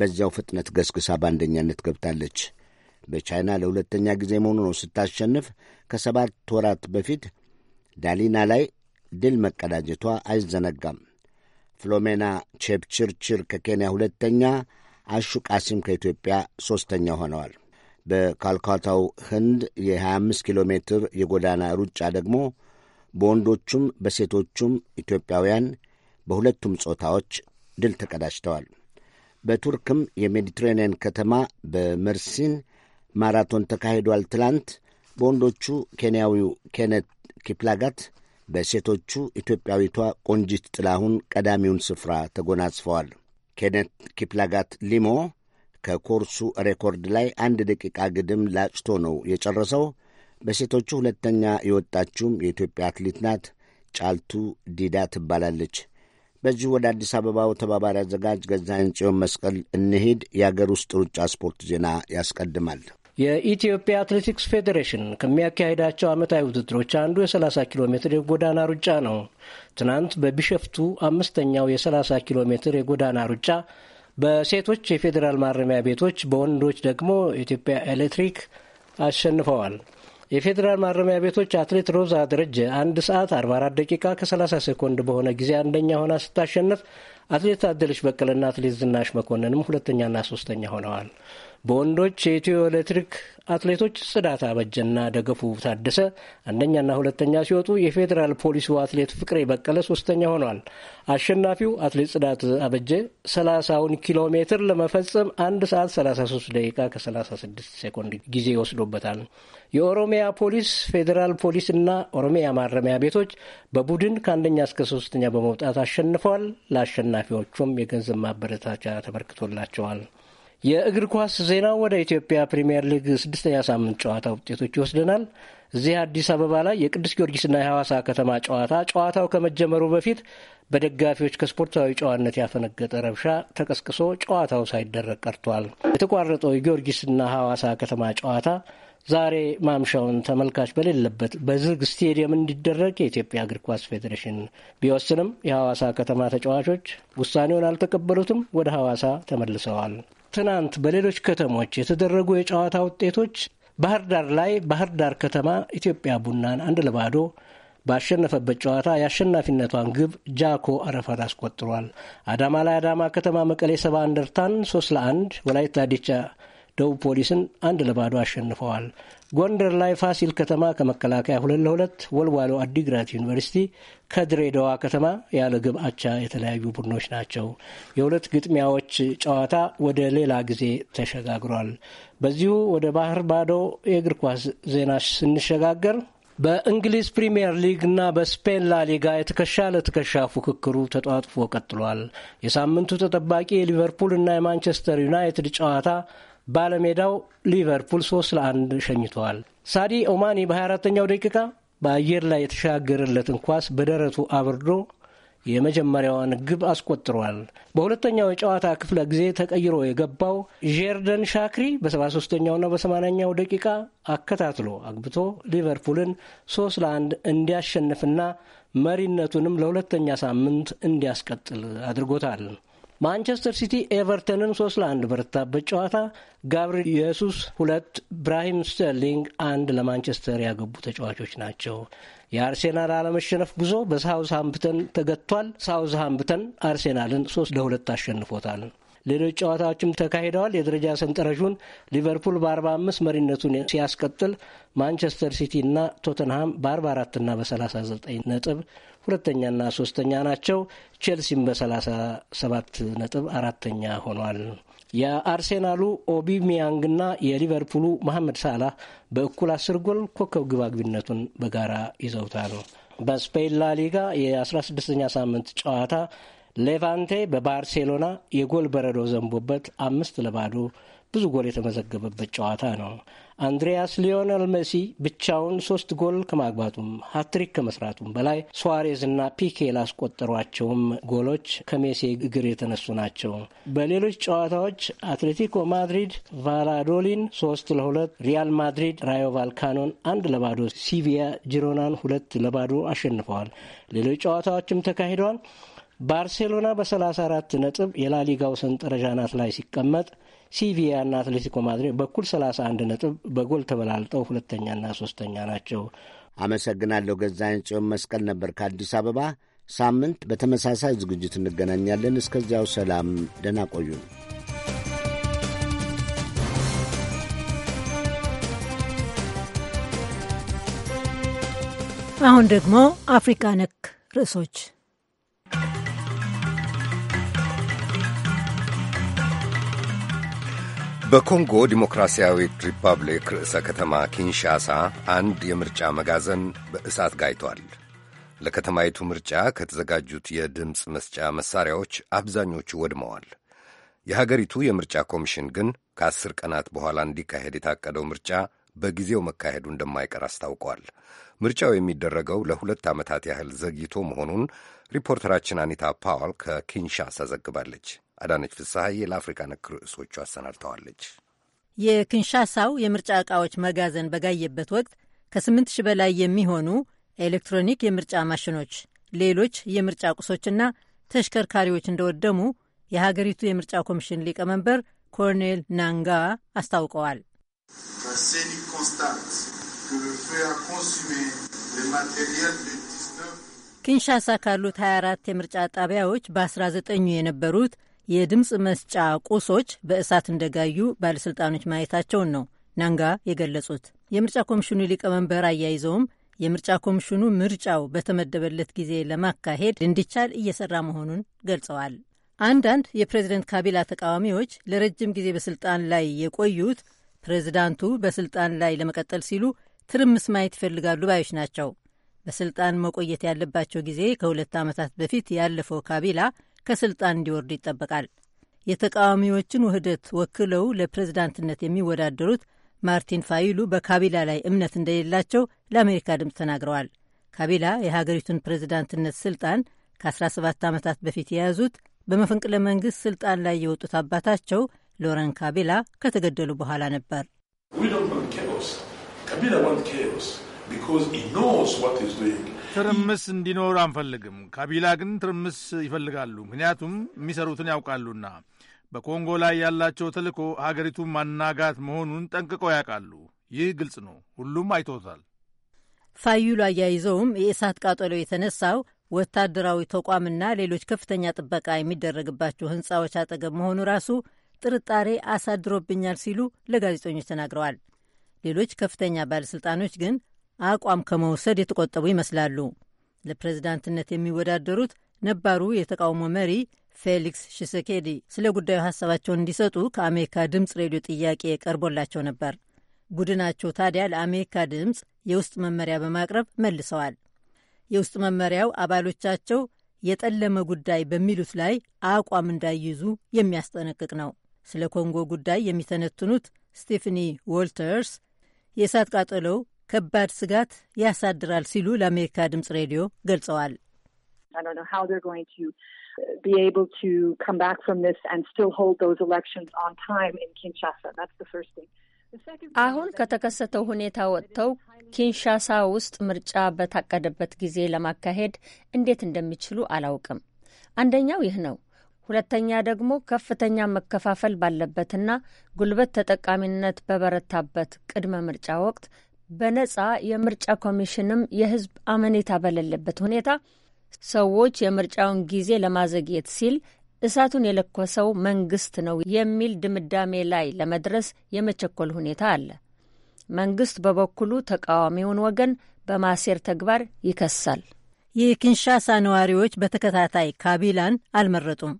በዚያው ፍጥነት ገስግሳ በአንደኛነት ገብታለች። በቻይና ለሁለተኛ ጊዜ መሆኑ ነው ስታሸንፍ። ከሰባት ወራት በፊት ዳሊና ላይ ድል መቀዳጀቷ አይዘነጋም። ፍሎሜና ቼፕችርችር ከኬንያ ሁለተኛ፣ አሹ ቃሲም ከኢትዮጵያ ሦስተኛ ሆነዋል። በካልካታው ህንድ የ25 ኪሎ ሜትር የጎዳና ሩጫ ደግሞ በወንዶቹም በሴቶቹም ኢትዮጵያውያን በሁለቱም ጾታዎች ድል ተቀዳጅተዋል። በቱርክም የሜዲትሬንየን ከተማ በመርሲን ማራቶን ተካሂዷል። ትላንት በወንዶቹ ኬንያዊው ኬነት ኪፕላጋት፣ በሴቶቹ ኢትዮጵያዊቷ ቆንጂት ጥላሁን ቀዳሚውን ስፍራ ተጎናጽፈዋል። ኬነት ኪፕላጋት ሊሞ ከኮርሱ ሬኮርድ ላይ አንድ ደቂቃ ግድም ላጭቶ ነው የጨረሰው። በሴቶቹ ሁለተኛ የወጣችውም የኢትዮጵያ አትሌት ናት፣ ጫልቱ ዲዳ ትባላለች። በዚሁ ወደ አዲስ አበባው ተባባሪ አዘጋጅ ገዛ ጽዮን መስቀል እንሄድ። የአገር ውስጥ ሩጫ ስፖርት ዜና ያስቀድማል። የኢትዮጵያ አትሌቲክስ ፌዴሬሽን ከሚያካሄዳቸው ዓመታዊ ውድድሮች አንዱ የ30 ኪሎ ሜትር የጎዳና ሩጫ ነው። ትናንት በቢሸፍቱ አምስተኛው የ30 ኪሎ ሜትር የጎዳና ሩጫ በሴቶች የፌዴራል ማረሚያ ቤቶች፣ በወንዶች ደግሞ ኢትዮጵያ ኤሌክትሪክ አሸንፈዋል። የፌዴራል ማረሚያ ቤቶች አትሌት ሮዛ ደረጀ አንድ ሰዓት 44 ደቂቃ ከ30 ሴኮንድ በሆነ ጊዜ አንደኛ ሆና ስታሸንፍ አትሌት አደለች በቀለና አትሌት ዝናሽ መኮንንም ሁለተኛና ሶስተኛ ሆነዋል። በወንዶች የኢትዮ ኤሌክትሪክ አትሌቶች ጽዳት አበጀና ደገፉ ታደሰ አንደኛና ሁለተኛ ሲወጡ የፌዴራል ፖሊሱ አትሌት ፍቅሬ በቀለ ሶስተኛ ሆኗል። አሸናፊው አትሌት ጽዳት አበጀ 30ውን ኪሎ ሜትር ለመፈጸም አንድ ሰዓት 33 ደቂቃ ከ36 ሴኮንድ ጊዜ ይወስዶበታል። የኦሮሚያ ፖሊስ፣ ፌዴራል ፖሊስ እና ኦሮሚያ ማረሚያ ቤቶች በቡድን ከአንደኛ እስከ ሶስተኛ በመውጣት አሸንፈዋል። ለአሸናፊዎቹም የገንዘብ ማበረታቻ ተበርክቶላቸዋል። የእግር ኳስ ዜና ወደ ኢትዮጵያ ፕሪምየር ሊግ ስድስተኛ ሳምንት ጨዋታ ውጤቶች ይወስደናል። እዚህ አዲስ አበባ ላይ የቅዱስ ጊዮርጊስና የሐዋሳ ከተማ ጨዋታ ጨዋታው ከመጀመሩ በፊት በደጋፊዎች ከስፖርታዊ ጨዋነት ያፈነገጠ ረብሻ ተቀስቅሶ ጨዋታው ሳይደረግ ቀርቷል። የተቋረጠው የጊዮርጊስና ሐዋሳ ከተማ ጨዋታ ዛሬ ማምሻውን ተመልካች በሌለበት በዝግ ስቴዲየም እንዲደረግ የኢትዮጵያ እግር ኳስ ፌዴሬሽን ቢወስንም የሐዋሳ ከተማ ተጫዋቾች ውሳኔውን አልተቀበሉትም፣ ወደ ሐዋሳ ተመልሰዋል። ትናንት በሌሎች ከተሞች የተደረጉ የጨዋታ ውጤቶች ባህር ዳር ላይ ባህር ዳር ከተማ ኢትዮጵያ ቡናን አንድ ለባዶ ባሸነፈበት ጨዋታ የአሸናፊነቷን ግብ ጃኮ አረፋት አስቆጥሯል። አዳማ ላይ አዳማ ከተማ መቀሌ ሰባ እንደርታን ሶስት ለአንድ፣ ወላይታ ዲቻ ደቡብ ፖሊስን አንድ ለባዶ አሸንፈዋል። ጎንደር ላይ ፋሲል ከተማ ከመከላከያ ሁለት ለሁለት፣ ወልዋሎ አዲግራት ዩኒቨርሲቲ ከድሬዳዋ ከተማ ያለ ግብ አቻ የተለያዩ ቡድኖች ናቸው። የሁለት ግጥሚያዎች ጨዋታ ወደ ሌላ ጊዜ ተሸጋግሯል። በዚሁ ወደ ባህር ባዶ የእግር ኳስ ዜና ስንሸጋገር በእንግሊዝ ፕሪምየር ሊግና በስፔን ላሊጋ የትከሻ ለትከሻ ፉክክሩ ተጧጥፎ ቀጥሏል። የሳምንቱ ተጠባቂ የሊቨርፑልና የማንቸስተር ዩናይትድ ጨዋታ ባለሜዳው ሊቨርፑል ሶስት ለአንድ ሸኝተዋል። ሳዲ ኦማኒ በ24ኛው ደቂቃ በአየር ላይ የተሻገረለትን ኳስ በደረቱ አብርዶ የመጀመሪያዋን ግብ አስቆጥሯል። በሁለተኛው የጨዋታ ክፍለ ጊዜ ተቀይሮ የገባው ዤርደን ሻክሪ በ73ኛውና በ80ኛው ደቂቃ አከታትሎ አግብቶ ሊቨርፑልን ሶስት ለአንድ እንዲያሸንፍና መሪነቱንም ለሁለተኛ ሳምንት እንዲያስቀጥል አድርጎታል። ማንቸስተር ሲቲ ኤቨርተንን ሶስት ለአንድ በረታበት ጨዋታ ጋብሪል ኢየሱስ ሁለት፣ ብራሂም ስተርሊንግ አንድ ለማንቸስተር ያገቡ ተጫዋቾች ናቸው። የአርሴናል አለመሸነፍ ጉዞ በሳውዝ በሳውዝሃምፕተን ተገጥቷል። ሳውዝሃምፕተን አርሴናልን ሶስት ለሁለት አሸንፎታል። ሌሎች ጨዋታዎችም ተካሂደዋል። የደረጃ ሰንጠረዡን ሊቨርፑል በ45 መሪነቱን ሲያስቀጥል ማንቸስተር ሲቲ እና ቶተንሃም በ44ና በ39 ነጥብ ሁለተኛና ሶስተኛ ናቸው። ቼልሲም በሰላሳ ሰባት ነጥብ አራተኛ ሆኗል። የአርሴናሉ ኦቢሚያንግና የሊቨርፑሉ መሐመድ ሳላህ በእኩል አስር ጎል ኮከብ ግባግቢነቱን በጋራ ይዘውታል። በስፔን ላሊጋ የ16ኛ ሳምንት ጨዋታ ሌቫንቴ በባርሴሎና የጎል በረዶ ዘንቦበት አምስት ለባዶ ብዙ ጎል የተመዘገበበት ጨዋታ ነው። አንድሪያስ ሊዮነል መሲ ብቻውን ሶስት ጎል ከማግባቱም ሀትሪክ ከመስራቱም በላይ ሱዋሬዝና ፒኬ ላስቆጠሯቸውም ጎሎች ከሜሴ እግር የተነሱ ናቸው። በሌሎች ጨዋታዎች አትሌቲኮ ማድሪድ ቫላዶሊን ሶስት ለሁለት፣ ሪያል ማድሪድ ራዮ ቫልካኖን አንድ ለባዶ፣ ሲቪያ ጂሮናን ሁለት ለባዶ አሸንፈዋል። ሌሎች ጨዋታዎችም ተካሂደዋል። ባርሴሎና በ34 ነጥብ የላሊጋው ሰንጠረዥ አናት ላይ ሲቀመጥ ሲቪያ እና አትሌቲኮ ማድሪድ በኩል 31 ነጥብ በጎል ተበላልጠው ሁለተኛና ሶስተኛ ናቸው። አመሰግናለሁ። ገዛኝ ጽዮን መስቀል ነበር ከአዲስ አበባ። ሳምንት በተመሳሳይ ዝግጅት እንገናኛለን። እስከዚያው ሰላም፣ ደህና ቆዩ። አሁን ደግሞ አፍሪካ ነክ ርዕሶች በኮንጎ ዲሞክራሲያዊት ሪፐብሊክ ርዕሰ ከተማ ኪንሻሳ አንድ የምርጫ መጋዘን በእሳት ጋይቷል። ለከተማይቱ ምርጫ ከተዘጋጁት የድምፅ መስጫ መሳሪያዎች አብዛኞቹ ወድመዋል። የሀገሪቱ የምርጫ ኮሚሽን ግን ከአስር ቀናት በኋላ እንዲካሄድ የታቀደው ምርጫ በጊዜው መካሄዱ እንደማይቀር አስታውቋል። ምርጫው የሚደረገው ለሁለት ዓመታት ያህል ዘግይቶ መሆኑን ሪፖርተራችን አኒታ ፓዋል ከኪንሻሳ ዘግባለች። አዳነች ፍስሐዬ ለአፍሪካ ነክ ርዕሶቹ አሰናድተዋለች። የክንሻሳው የምርጫ ዕቃዎች መጋዘን በጋየበት ወቅት 8 ሺህ በላይ የሚሆኑ ኤሌክትሮኒክ የምርጫ ማሽኖች፣ ሌሎች የምርጫ ቁሶችና ተሽከርካሪዎች እንደወደሙ የሀገሪቱ የምርጫ ኮሚሽን ሊቀመንበር ኮርኔል ናንጋ አስታውቀዋል። ኪንሻሳ ካሉት 24 የምርጫ ጣቢያዎች በ19ኙ የነበሩት የድምፅ መስጫ ቁሶች በእሳት እንደጋዩ ባለሥልጣኖች ማየታቸውን ነው ናንጋ የገለጹት። የምርጫ ኮሚሽኑ ሊቀመንበር አያይዘውም የምርጫ ኮሚሽኑ ምርጫው በተመደበለት ጊዜ ለማካሄድ እንዲቻል እየሰራ መሆኑን ገልጸዋል። አንዳንድ የፕሬዝደንት ካቢላ ተቃዋሚዎች ለረጅም ጊዜ በስልጣን ላይ የቆዩት ፕሬዝዳንቱ በስልጣን ላይ ለመቀጠል ሲሉ ትርምስ ማየት ይፈልጋሉ ባዮች ናቸው። በስልጣን መቆየት ያለባቸው ጊዜ ከሁለት ዓመታት በፊት ያለፈው ካቢላ ከስልጣን እንዲወርዱ ይጠበቃል። የተቃዋሚዎችን ውህደት ወክለው ለፕሬዝዳንትነት የሚወዳደሩት ማርቲን ፋይሉ በካቢላ ላይ እምነት እንደሌላቸው ለአሜሪካ ድምፅ ተናግረዋል። ካቢላ የሀገሪቱን ፕሬዝዳንትነት ስልጣን ከ17 ዓመታት በፊት የያዙት በመፈንቅለ መንግሥት ስልጣን ላይ የወጡት አባታቸው ሎረን ካቢላ ከተገደሉ በኋላ ነበር። ትርምስ እንዲኖር አንፈልግም። ካቢላ ግን ትርምስ ይፈልጋሉ፣ ምክንያቱም የሚሰሩትን ያውቃሉና። በኮንጎ ላይ ያላቸው ተልእኮ ሀገሪቱን ማናጋት መሆኑን ጠንቅቀው ያውቃሉ። ይህ ግልጽ ነው፣ ሁሉም አይቶታል። ፋዩሉ አያይዘውም የእሳት ቃጠሎ የተነሳው ወታደራዊ ተቋምና ሌሎች ከፍተኛ ጥበቃ የሚደረግባቸው ህንፃዎች አጠገብ መሆኑ ራሱ ጥርጣሬ አሳድሮብኛል ሲሉ ለጋዜጠኞች ተናግረዋል። ሌሎች ከፍተኛ ባለሥልጣኖች ግን አቋም ከመውሰድ የተቆጠቡ ይመስላሉ። ለፕሬዝዳንትነት የሚወዳደሩት ነባሩ የተቃውሞ መሪ ፌሊክስ ሽሴኬዲ ስለ ጉዳዩ ሀሳባቸውን እንዲሰጡ ከአሜሪካ ድምፅ ሬዲዮ ጥያቄ ቀርቦላቸው ነበር። ቡድናቸው ታዲያ ለአሜሪካ ድምፅ የውስጥ መመሪያ በማቅረብ መልሰዋል። የውስጥ መመሪያው አባሎቻቸው የጠለመ ጉዳይ በሚሉት ላይ አቋም እንዳይይዙ የሚያስጠነቅቅ ነው። ስለ ኮንጎ ጉዳይ የሚተነትኑት ስቲፍኒ ዎልተርስ የእሳት ቃጠሎው ከባድ ስጋት ያሳድራል ሲሉ ለአሜሪካ ድምጽ ሬዲዮ ገልጸዋል። uh, አሁን ከተከሰተው ሁኔታ ወጥተው ኪንሻሳ ውስጥ ምርጫ በታቀደበት ጊዜ ለማካሄድ እንዴት እንደሚችሉ አላውቅም። አንደኛው ይህ ነው። ሁለተኛ ደግሞ ከፍተኛ መከፋፈል ባለበትና ጉልበት ተጠቃሚነት በበረታበት ቅድመ ምርጫ ወቅት በነጻ የምርጫ ኮሚሽንም የህዝብ አመኔታ በሌለበት ሁኔታ ሰዎች የምርጫውን ጊዜ ለማዘግየት ሲል እሳቱን የለኮሰው መንግስት ነው የሚል ድምዳሜ ላይ ለመድረስ የመቸኮል ሁኔታ አለ። መንግስት በበኩሉ ተቃዋሚውን ወገን በማሴር ተግባር ይከሳል። የኪንሻሳ ነዋሪዎች በተከታታይ ካቢላን አልመረጡም።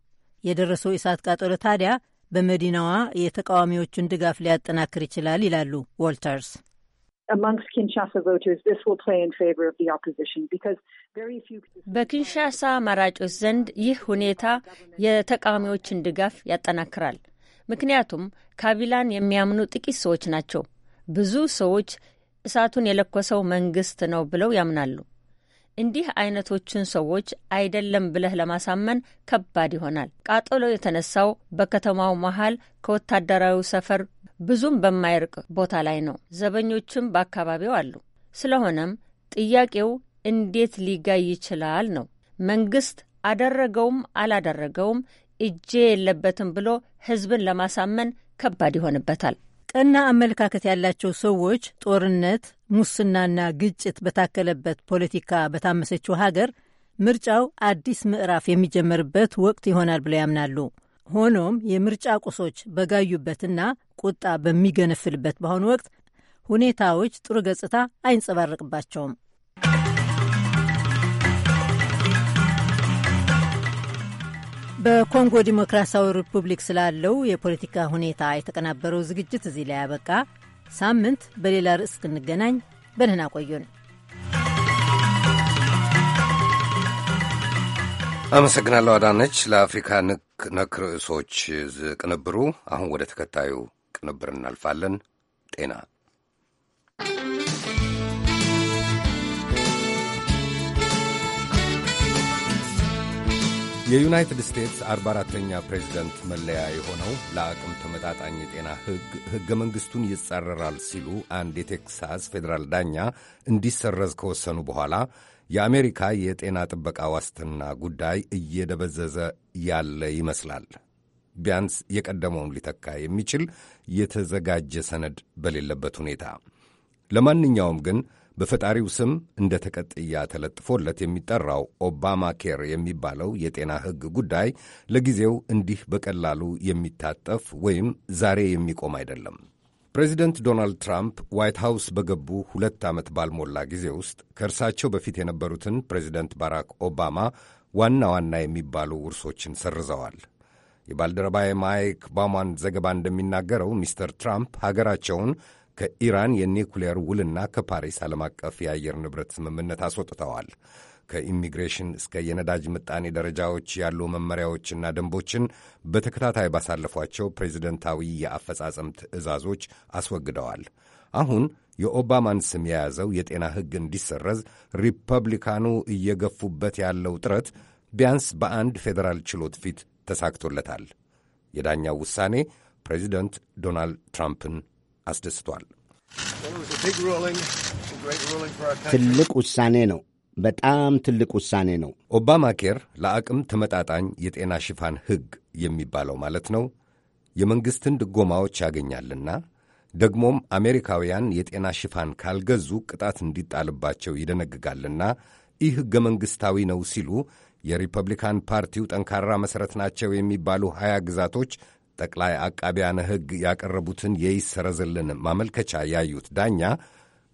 የደረሰው እሳት ቃጠሎ ታዲያ በመዲናዋ የተቃዋሚዎቹን ድጋፍ ሊያጠናክር ይችላል ይላሉ ዎልተርስ። በኪንሻሳ መራጮች ዘንድ ይህ ሁኔታ የተቃዋሚዎችን ድጋፍ ያጠናክራል። ምክንያቱም ካቢላን የሚያምኑ ጥቂት ሰዎች ናቸው። ብዙ ሰዎች እሳቱን የለኮሰው መንግስት ነው ብለው ያምናሉ። እንዲህ አይነቶችን ሰዎች አይደለም ብለህ ለማሳመን ከባድ ይሆናል። ቃጠሎ የተነሳው በከተማው መሀል ከወታደራዊ ሰፈር ብዙም በማይርቅ ቦታ ላይ ነው። ዘበኞችም በአካባቢው አሉ። ስለሆነም ጥያቄው እንዴት ሊጋይ ይችላል ነው። መንግስት አደረገውም አላደረገውም እጄ የለበትም ብሎ ህዝብን ለማሳመን ከባድ ይሆንበታል። ቀና አመለካከት ያላቸው ሰዎች ጦርነት፣ ሙስናና ግጭት በታከለበት ፖለቲካ በታመሰችው ሀገር ምርጫው አዲስ ምዕራፍ የሚጀመርበት ወቅት ይሆናል ብለው ያምናሉ። ሆኖም የምርጫ ቁሶች በጋዩበትና ቁጣ በሚገነፍልበት በአሁኑ ወቅት ሁኔታዎች ጥሩ ገጽታ አይንጸባረቅባቸውም። በኮንጎ ዲሞክራሲያዊ ሪፑብሊክ ስላለው የፖለቲካ ሁኔታ የተቀናበረው ዝግጅት እዚህ ላይ ያበቃ። ሳምንት በሌላ ርዕስ እስክንገናኝ በደህና ቆዩን። አመሰግናለሁ አዳነች ለአፍሪካ ነክ ርዕሶች ቅንብሩ። አሁን ወደ ተከታዩ ቅንብር እናልፋለን። ጤና የዩናይትድ ስቴትስ 44ተኛ ፕሬዚደንት መለያ የሆነው ለአቅም ተመጣጣኝ የጤና ሕግ ሕገ መንግሥቱን ይጻረራል ሲሉ አንድ የቴክሳስ ፌዴራል ዳኛ እንዲሰረዝ ከወሰኑ በኋላ የአሜሪካ የጤና ጥበቃ ዋስትና ጉዳይ እየደበዘዘ ያለ ይመስላል። ቢያንስ የቀደመውን ሊተካ የሚችል የተዘጋጀ ሰነድ በሌለበት ሁኔታ። ለማንኛውም ግን በፈጣሪው ስም እንደ ተቀጥያ ተለጥፎለት የሚጠራው ኦባማ ኬር የሚባለው የጤና ሕግ ጉዳይ ለጊዜው እንዲህ በቀላሉ የሚታጠፍ ወይም ዛሬ የሚቆም አይደለም። ፕሬዚደንት ዶናልድ ትራምፕ ዋይት ሃውስ በገቡ ሁለት ዓመት ባልሞላ ጊዜ ውስጥ ከእርሳቸው በፊት የነበሩትን ፕሬዚደንት ባራክ ኦባማ ዋና ዋና የሚባሉ ውርሶችን ሰርዘዋል። የባልደረባዬ ማይክ ባሟን ዘገባ እንደሚናገረው ሚስተር ትራምፕ ሀገራቸውን ከኢራን የኒውክሌር ውልና ከፓሪስ ዓለም አቀፍ የአየር ንብረት ስምምነት አስወጥተዋል። ከኢሚግሬሽን እስከ የነዳጅ ምጣኔ ደረጃዎች ያሉ መመሪያዎችና ደንቦችን በተከታታይ ባሳለፏቸው ፕሬዚደንታዊ የአፈጻጸም ትዕዛዞች አስወግደዋል። አሁን የኦባማን ስም የያዘው የጤና ሕግ እንዲሰረዝ ሪፐብሊካኑ እየገፉበት ያለው ጥረት ቢያንስ በአንድ ፌዴራል ችሎት ፊት ተሳክቶለታል። የዳኛው ውሳኔ ፕሬዚደንት ዶናልድ ትራምፕን አስደስቷል። ትልቅ ውሳኔ ነው። በጣም ትልቅ ውሳኔ ነው። ኦባማ ኬር ለአቅም ተመጣጣኝ የጤና ሽፋን ሕግ የሚባለው ማለት ነው የመንግሥትን ድጎማዎች ያገኛልና ደግሞም አሜሪካውያን የጤና ሽፋን ካልገዙ ቅጣት እንዲጣልባቸው ይደነግጋልና ይህ ሕገ መንግሥታዊ ነው ሲሉ የሪፐብሊካን ፓርቲው ጠንካራ መሠረት ናቸው የሚባሉ ሀያ ግዛቶች ጠቅላይ አቃቢያነ ሕግ ያቀረቡትን የይሰረዝልን ማመልከቻ ያዩት ዳኛ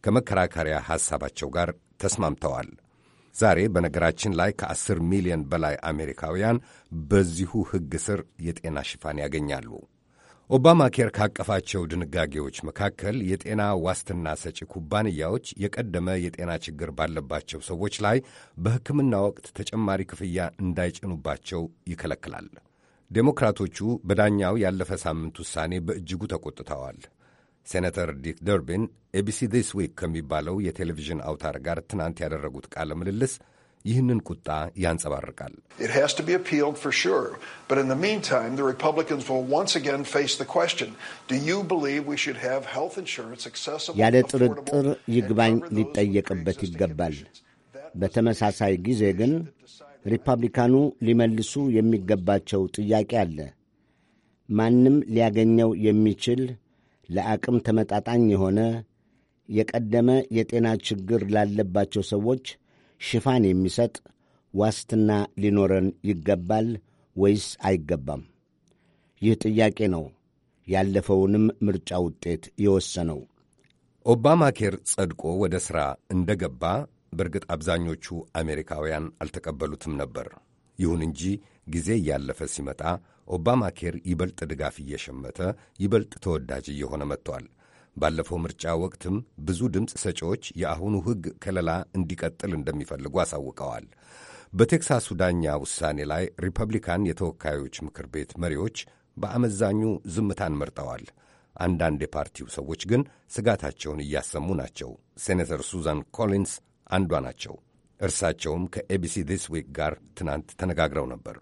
ከመከራከሪያ ሐሳባቸው ጋር ተስማምተዋል። ዛሬ በነገራችን ላይ ከአስር ሚሊዮን በላይ አሜሪካውያን በዚሁ ሕግ ስር የጤና ሽፋን ያገኛሉ። ኦባማ ኬር ካቀፋቸው ድንጋጌዎች መካከል የጤና ዋስትና ሰጪ ኩባንያዎች የቀደመ የጤና ችግር ባለባቸው ሰዎች ላይ በሕክምና ወቅት ተጨማሪ ክፍያ እንዳይጭኑባቸው ይከለክላል። ዴሞክራቶቹ በዳኛው ያለፈ ሳምንት ውሳኔ በእጅጉ ተቆጥተዋል። ሴኔተር ዲክ ደርቢን ኤቢሲ ዲስ ዊክ ከሚባለው የቴሌቪዥን አውታር ጋር ትናንት ያደረጉት ቃለ ምልልስ ይህንን ቁጣ ያንጸባርቃል። ያለ ጥርጥር ይግባኝ ሊጠየቅበት ይገባል። በተመሳሳይ ጊዜ ግን ሪፐብሊካኑ ሊመልሱ የሚገባቸው ጥያቄ አለ። ማንም ሊያገኘው የሚችል ለአቅም ተመጣጣኝ የሆነ የቀደመ የጤና ችግር ላለባቸው ሰዎች ሽፋን የሚሰጥ ዋስትና ሊኖረን ይገባል ወይስ አይገባም? ይህ ጥያቄ ነው ያለፈውንም ምርጫ ውጤት የወሰነው። ኦባማ ኬር ጸድቆ ወደ ሥራ እንደ ገባ በእርግጥ አብዛኞቹ አሜሪካውያን አልተቀበሉትም ነበር። ይሁን እንጂ ጊዜ እያለፈ ሲመጣ ኦባማ ኬር ይበልጥ ድጋፍ እየሸመተ ይበልጥ ተወዳጅ እየሆነ መጥቷል። ባለፈው ምርጫ ወቅትም ብዙ ድምፅ ሰጪዎች የአሁኑ ሕግ ከለላ እንዲቀጥል እንደሚፈልጉ አሳውቀዋል። በቴክሳሱ ዳኛ ውሳኔ ላይ ሪፐብሊካን የተወካዮች ምክር ቤት መሪዎች በአመዛኙ ዝምታን መርጠዋል። አንዳንድ የፓርቲው ሰዎች ግን ስጋታቸውን እያሰሙ ናቸው። ሴኔተር ሱዛን ኮሊንስ አንዷ ናቸው። እርሳቸውም ከኤቢሲ ዲስ ዊክ ጋር ትናንት ተነጋግረው ነበር።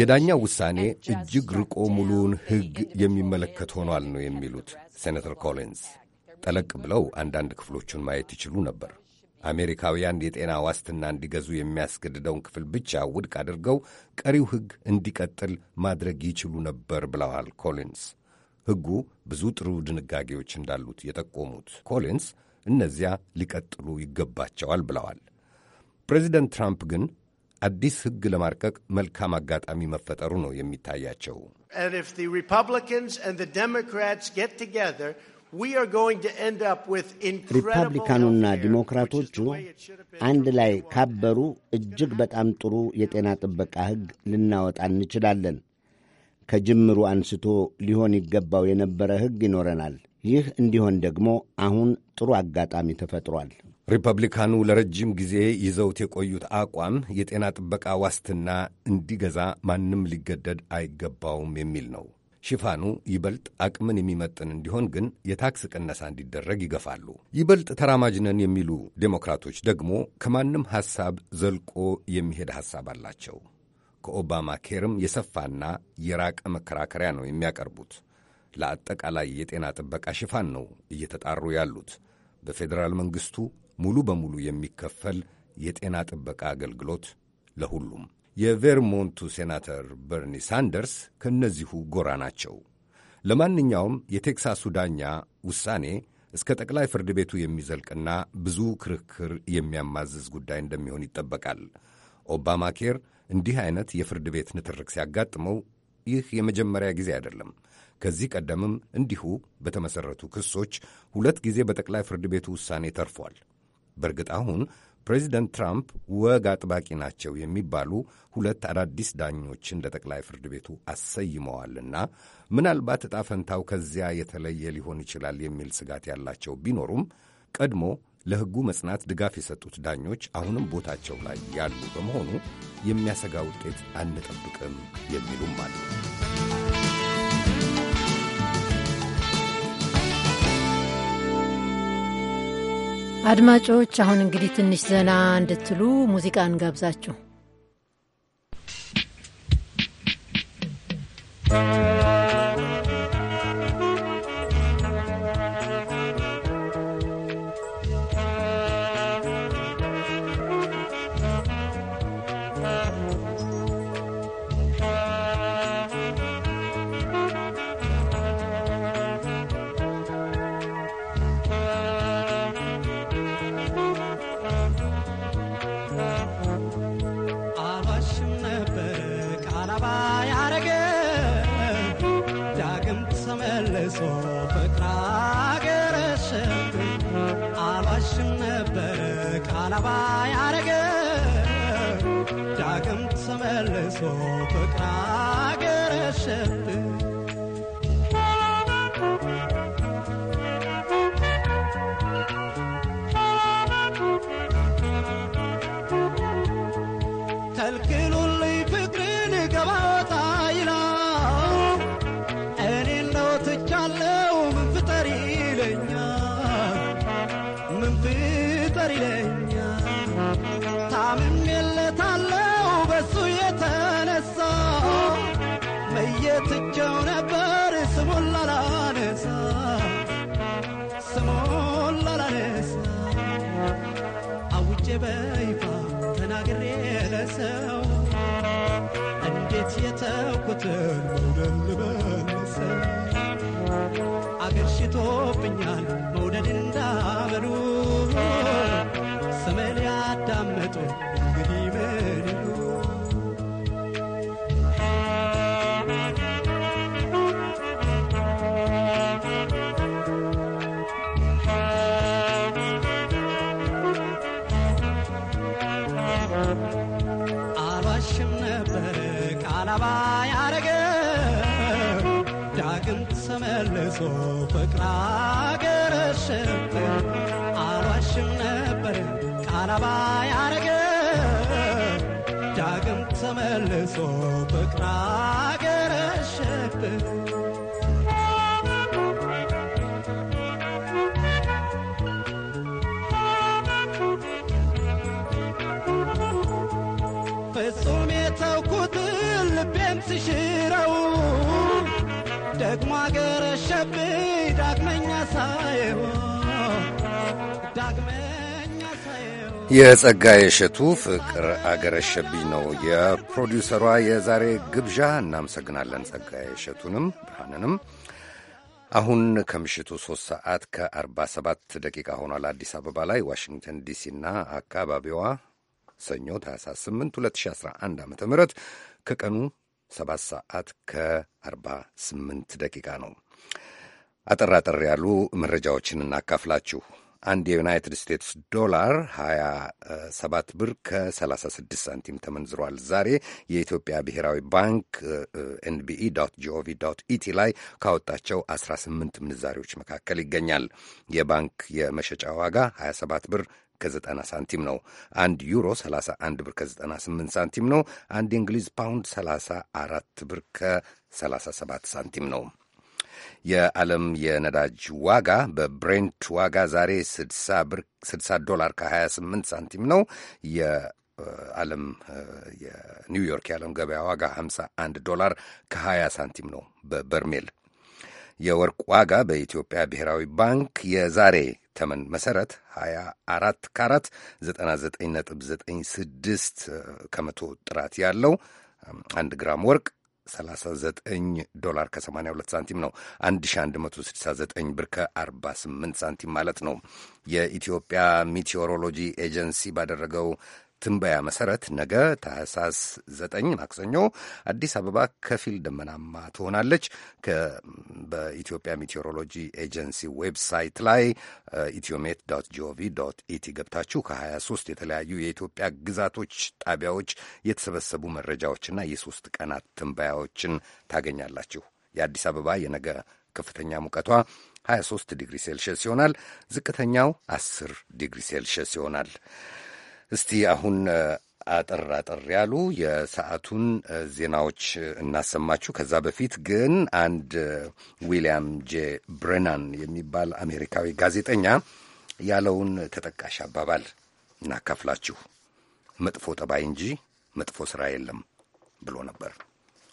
የዳኛው ውሳኔ እጅግ ርቆ ሙሉውን ሕግ የሚመለከት ሆኗል ነው የሚሉት ሴኔተር ኮሊንስ። ጠለቅ ብለው አንዳንድ ክፍሎቹን ማየት ይችሉ ነበር። አሜሪካውያን የጤና ዋስትና እንዲገዙ የሚያስገድደውን ክፍል ብቻ ውድቅ አድርገው ቀሪው ሕግ እንዲቀጥል ማድረግ ይችሉ ነበር ብለዋል ኮሊንስ። ሕጉ ብዙ ጥሩ ድንጋጌዎች እንዳሉት የጠቆሙት ኮሊንስ እነዚያ ሊቀጥሉ ይገባቸዋል ብለዋል። ፕሬዚደንት ትራምፕ ግን አዲስ ሕግ ለማርቀቅ መልካም አጋጣሚ መፈጠሩ ነው የሚታያቸው። ሪፐብሊካኑና ዲሞክራቶቹ አንድ ላይ ካበሩ እጅግ በጣም ጥሩ የጤና ጥበቃ ሕግ ልናወጣ እንችላለን። ከጅምሩ አንስቶ ሊሆን ይገባው የነበረ ሕግ ይኖረናል። ይህ እንዲሆን ደግሞ አሁን ጥሩ አጋጣሚ ተፈጥሯል። ሪፐብሊካኑ ለረጅም ጊዜ ይዘውት የቆዩት አቋም የጤና ጥበቃ ዋስትና እንዲገዛ ማንም ሊገደድ አይገባውም የሚል ነው። ሽፋኑ ይበልጥ አቅምን የሚመጥን እንዲሆን ግን የታክስ ቅነሳ እንዲደረግ ይገፋሉ። ይበልጥ ተራማጅነን የሚሉ ዴሞክራቶች ደግሞ ከማንም ሐሳብ ዘልቆ የሚሄድ ሐሳብ አላቸው። ከኦባማ ኬርም የሰፋና የራቀ መከራከሪያ ነው የሚያቀርቡት። ለአጠቃላይ የጤና ጥበቃ ሽፋን ነው እየተጣሩ ያሉት። በፌዴራል መንግሥቱ ሙሉ በሙሉ የሚከፈል የጤና ጥበቃ አገልግሎት ለሁሉም። የቬርሞንቱ ሴናተር በርኒ ሳንደርስ ከእነዚሁ ጎራ ናቸው። ለማንኛውም የቴክሳሱ ዳኛ ውሳኔ እስከ ጠቅላይ ፍርድ ቤቱ የሚዘልቅና ብዙ ክርክር የሚያማዝዝ ጉዳይ እንደሚሆን ይጠበቃል። ኦባማ ኬር እንዲህ አይነት የፍርድ ቤት ንትርክ ሲያጋጥመው ይህ የመጀመሪያ ጊዜ አይደለም። ከዚህ ቀደምም እንዲሁ በተመሠረቱ ክሶች ሁለት ጊዜ በጠቅላይ ፍርድ ቤቱ ውሳኔ ተርፏል። በእርግጥ አሁን ፕሬዚደንት ትራምፕ ወግ አጥባቂ ናቸው የሚባሉ ሁለት አዳዲስ ዳኞችን ለጠቅላይ ፍርድ ቤቱ አሰይመዋልና ምናልባት ዕጣ ፈንታው ከዚያ የተለየ ሊሆን ይችላል የሚል ስጋት ያላቸው ቢኖሩም ቀድሞ ለሕጉ መጽናት ድጋፍ የሰጡት ዳኞች አሁንም ቦታቸው ላይ ያሉ በመሆኑ የሚያሰጋ ውጤት አንጠብቅም የሚሉም አሉ። አድማጮች አሁን እንግዲህ ትንሽ ዘና እንድትሉ ሙዚቃ እንጋብዛችሁ። ዳግም ተመልሶ ፍቅር አገረሸብን ሞትን መውደድ ልመልሰ አገር መውደድ እንዳ የጸጋ የሸቱ ፍቅር አገረሸብኝ ነው የፕሮዲውሰሯ የዛሬ ግብዣ። እናመሰግናለን ጸጋ የሸቱንም ብርሃንንም። አሁን ከምሽቱ 3 ሰዓት ከ47 ደቂቃ ሆኗል። አዲስ አበባ ላይ፣ ዋሽንግተን ዲሲና አካባቢዋ ሰኞ ታህሳስ 8 2011 ዓ ም ከቀኑ 7 ሰዓት ከ48 ደቂቃ ነው። አጠር አጠር ያሉ መረጃዎችን እናካፍላችሁ። አንድ የዩናይትድ ስቴትስ ዶላር 27 ብር ከ36 ሳንቲም ተመንዝሯል። ዛሬ የኢትዮጵያ ብሔራዊ ባንክ ኤንቢኢ ጂኦቪ ኢቲ ላይ ካወጣቸው 18 ምንዛሬዎች መካከል ይገኛል። የባንክ የመሸጫ ዋጋ 27 ብር ከ90 ሳንቲም ነው። አንድ ዩሮ 31 ብር ከ98 ሳንቲም ነው። አንድ የእንግሊዝ ፓውንድ 34 ብር ከ37 ሳንቲም ነው። የዓለም የነዳጅ ዋጋ በብሬንት ዋጋ ዛሬ 60 ብር 60 ዶላር ከ28 ሳንቲም ነው። የዓለም የኒውዮርክ የዓለም ገበያ ዋጋ 51 ዶላር ከ20 ሳንቲም ነው በበርሜል። የወርቅ ዋጋ በኢትዮጵያ ብሔራዊ ባንክ የዛሬ ተመን መሰረት 24 ካራት 99.96 ከመቶ ጥራት ያለው አንድ ግራም ወርቅ 39 ዶላር ከ82 ሳንቲም ነው። 1169 ብር ከ48 ሳንቲም ማለት ነው። የኢትዮጵያ ሚቴዎሮሎጂ ኤጀንሲ ባደረገው ትንበያ መሰረት ነገ ታህሳስ ዘጠኝ ማክሰኞ አዲስ አበባ ከፊል ደመናማ ትሆናለች። በኢትዮጵያ ሜቴሮሎጂ ኤጀንሲ ዌብሳይት ላይ ኢትዮሜት ዶት ጂኦቪ ዶት ኢቲ ገብታችሁ ከ23 የተለያዩ የኢትዮጵያ ግዛቶች ጣቢያዎች የተሰበሰቡ መረጃዎችና የሶስት ቀናት ትንበያዎችን ታገኛላችሁ። የአዲስ አበባ የነገ ከፍተኛ ሙቀቷ 23 ዲግሪ ሴልሽስ ይሆናል። ዝቅተኛው 10 ዲግሪ ሴልሽስ ይሆናል። እስቲ አሁን አጠር አጠር ያሉ የሰዓቱን ዜናዎች እናሰማችሁ። ከዛ በፊት ግን አንድ ዊልያም ጄ ብሬናን የሚባል አሜሪካዊ ጋዜጠኛ ያለውን ተጠቃሽ አባባል እናካፍላችሁ። መጥፎ ጠባይ እንጂ መጥፎ ስራ የለም ብሎ ነበር።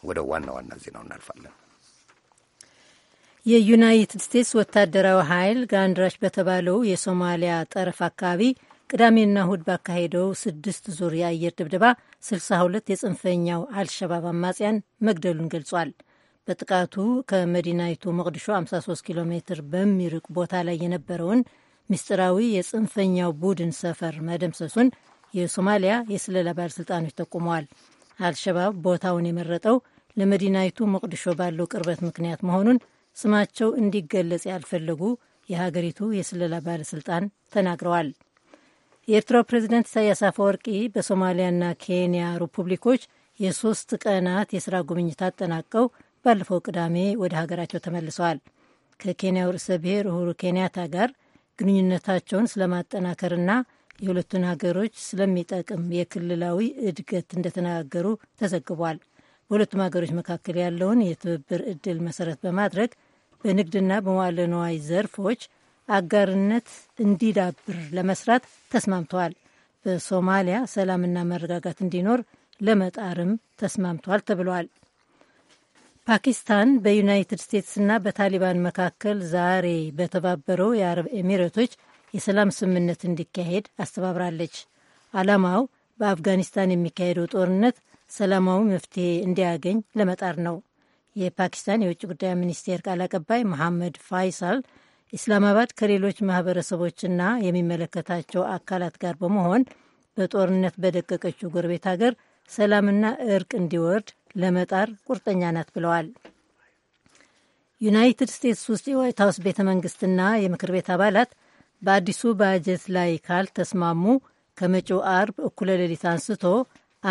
ወደ ዋና ዋና ዜናው እናልፋለን። የዩናይትድ ስቴትስ ወታደራዊ ኃይል ጋንድራሽ በተባለው የሶማሊያ ጠረፍ አካባቢ ቅዳሜና እሁድ ባካሄደው ስድስት ዙር የአየር ድብደባ 62 የጽንፈኛው አልሸባብ አማጽያን መግደሉን ገልጿል። በጥቃቱ ከመዲናይቱ መቅድሾ 53 ኪሎ ሜትር በሚርቅ ቦታ ላይ የነበረውን ምስጢራዊ የጽንፈኛው ቡድን ሰፈር መደምሰሱን የሶማሊያ የስለላ ባለሥልጣኖች ጠቁመዋል። አልሸባብ ቦታውን የመረጠው ለመዲናይቱ መቅድሾ ባለው ቅርበት ምክንያት መሆኑን ስማቸው እንዲገለጽ ያልፈለጉ የሀገሪቱ የስለላ ባለሥልጣን ተናግረዋል። የኤርትራው ፕሬዚደንት ኢሳያስ አፈወርቂ በሶማሊያና ኬንያ ሪፑብሊኮች የሶስት ቀናት የስራ ጉብኝት አጠናቀው ባለፈው ቅዳሜ ወደ ሀገራቸው ተመልሰዋል። ከኬንያው ርዕሰ ብሔር ኡሁሩ ኬንያታ ጋር ግንኙነታቸውን ስለማጠናከርና የሁለቱን ሀገሮች ስለሚጠቅም የክልላዊ እድገት እንደተነጋገሩ ተዘግቧል። በሁለቱም ሀገሮች መካከል ያለውን የትብብር እድል መሰረት በማድረግ በንግድና በመዋለ ንዋይ ዘርፎች አጋርነት እንዲዳብር ለመስራት ተስማምተዋል። በሶማሊያ ሰላምና መረጋጋት እንዲኖር ለመጣርም ተስማምተዋል ተብለዋል። ፓኪስታን በዩናይትድ ስቴትስና በታሊባን መካከል ዛሬ በተባበረው የአረብ ኤሚሬቶች የሰላም ስምምነት እንዲካሄድ አስተባብራለች። ዓላማው በአፍጋኒስታን የሚካሄደው ጦርነት ሰላማዊ መፍትሄ እንዲያገኝ ለመጣር ነው። የፓኪስታን የውጭ ጉዳይ ሚኒስቴር ቃል አቀባይ መሐመድ ፋይሳል ኢስላማባድ ከሌሎች ማህበረሰቦችና የሚመለከታቸው አካላት ጋር በመሆን በጦርነት በደቀቀችው ጎረቤት ሀገር ሰላምና እርቅ እንዲወርድ ለመጣር ቁርጠኛ ናት ብለዋል። ዩናይትድ ስቴትስ ውስጥ የዋይት ሀውስ ቤተ መንግስትና የምክር ቤት አባላት በአዲሱ ባጀት ላይ ካልተስማሙ ከመጪው አርብ እኩለ ሌሊት አንስቶ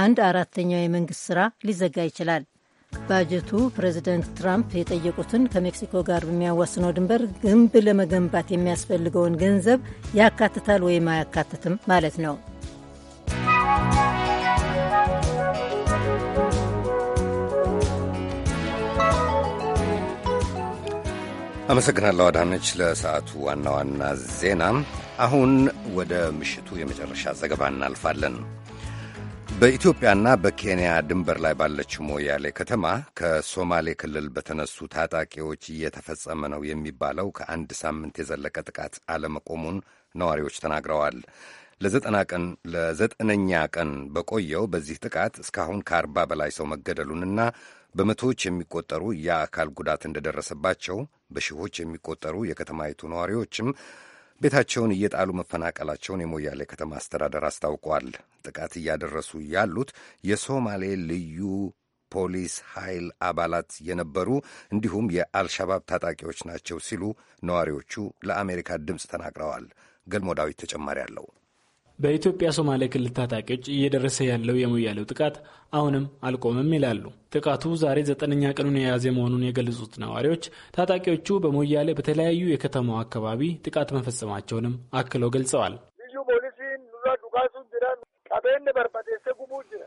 አንድ አራተኛው የመንግስት ስራ ሊዘጋ ይችላል። ባጀቱ ፕሬዚደንት ትራምፕ የጠየቁትን ከሜክሲኮ ጋር በሚያዋስነው ድንበር ግንብ ለመገንባት የሚያስፈልገውን ገንዘብ ያካትታል ወይም አያካትትም ማለት ነው። አመሰግናለሁ አዳነች ለሰዓቱ ዋና ዋና ዜና። አሁን ወደ ምሽቱ የመጨረሻ ዘገባ እናልፋለን። በኢትዮጵያና በኬንያ ድንበር ላይ ባለች ሞያሌ ከተማ ከሶማሌ ክልል በተነሱ ታጣቂዎች እየተፈጸመ ነው የሚባለው ከአንድ ሳምንት የዘለቀ ጥቃት አለመቆሙን ነዋሪዎች ተናግረዋል። ለዘጠና ቀን ለዘጠነኛ ቀን በቆየው በዚህ ጥቃት እስካሁን ከአርባ በላይ ሰው መገደሉንና በመቶዎች የሚቆጠሩ የአካል ጉዳት እንደደረሰባቸው በሺዎች የሚቆጠሩ የከተማይቱ ነዋሪዎችም ቤታቸውን እየጣሉ መፈናቀላቸውን የሞያሌ ከተማ አስተዳደር አስታውቋል። ጥቃት እያደረሱ ያሉት የሶማሌ ልዩ ፖሊስ ኃይል አባላት የነበሩ እንዲሁም የአልሻባብ ታጣቂዎች ናቸው ሲሉ ነዋሪዎቹ ለአሜሪካ ድምፅ ተናግረዋል። ገልሞ ዳዊት ተጨማሪ አለው። በኢትዮጵያ ሶማሌ ክልል ታጣቂዎች እየደረሰ ያለው የሙያሌው ጥቃት አሁንም አልቆምም ይላሉ። ጥቃቱ ዛሬ ዘጠነኛ ቀኑን የያዘ መሆኑን የገለጹት ነዋሪዎች ታጣቂዎቹ በሞያሌ በተለያዩ የከተማው አካባቢ ጥቃት መፈጸማቸውንም አክለው ገልጸዋል። ልዩ ፖሊሲን ዱራ ዱካሱ ጅራን ቀቤን ጉቡ ጅራ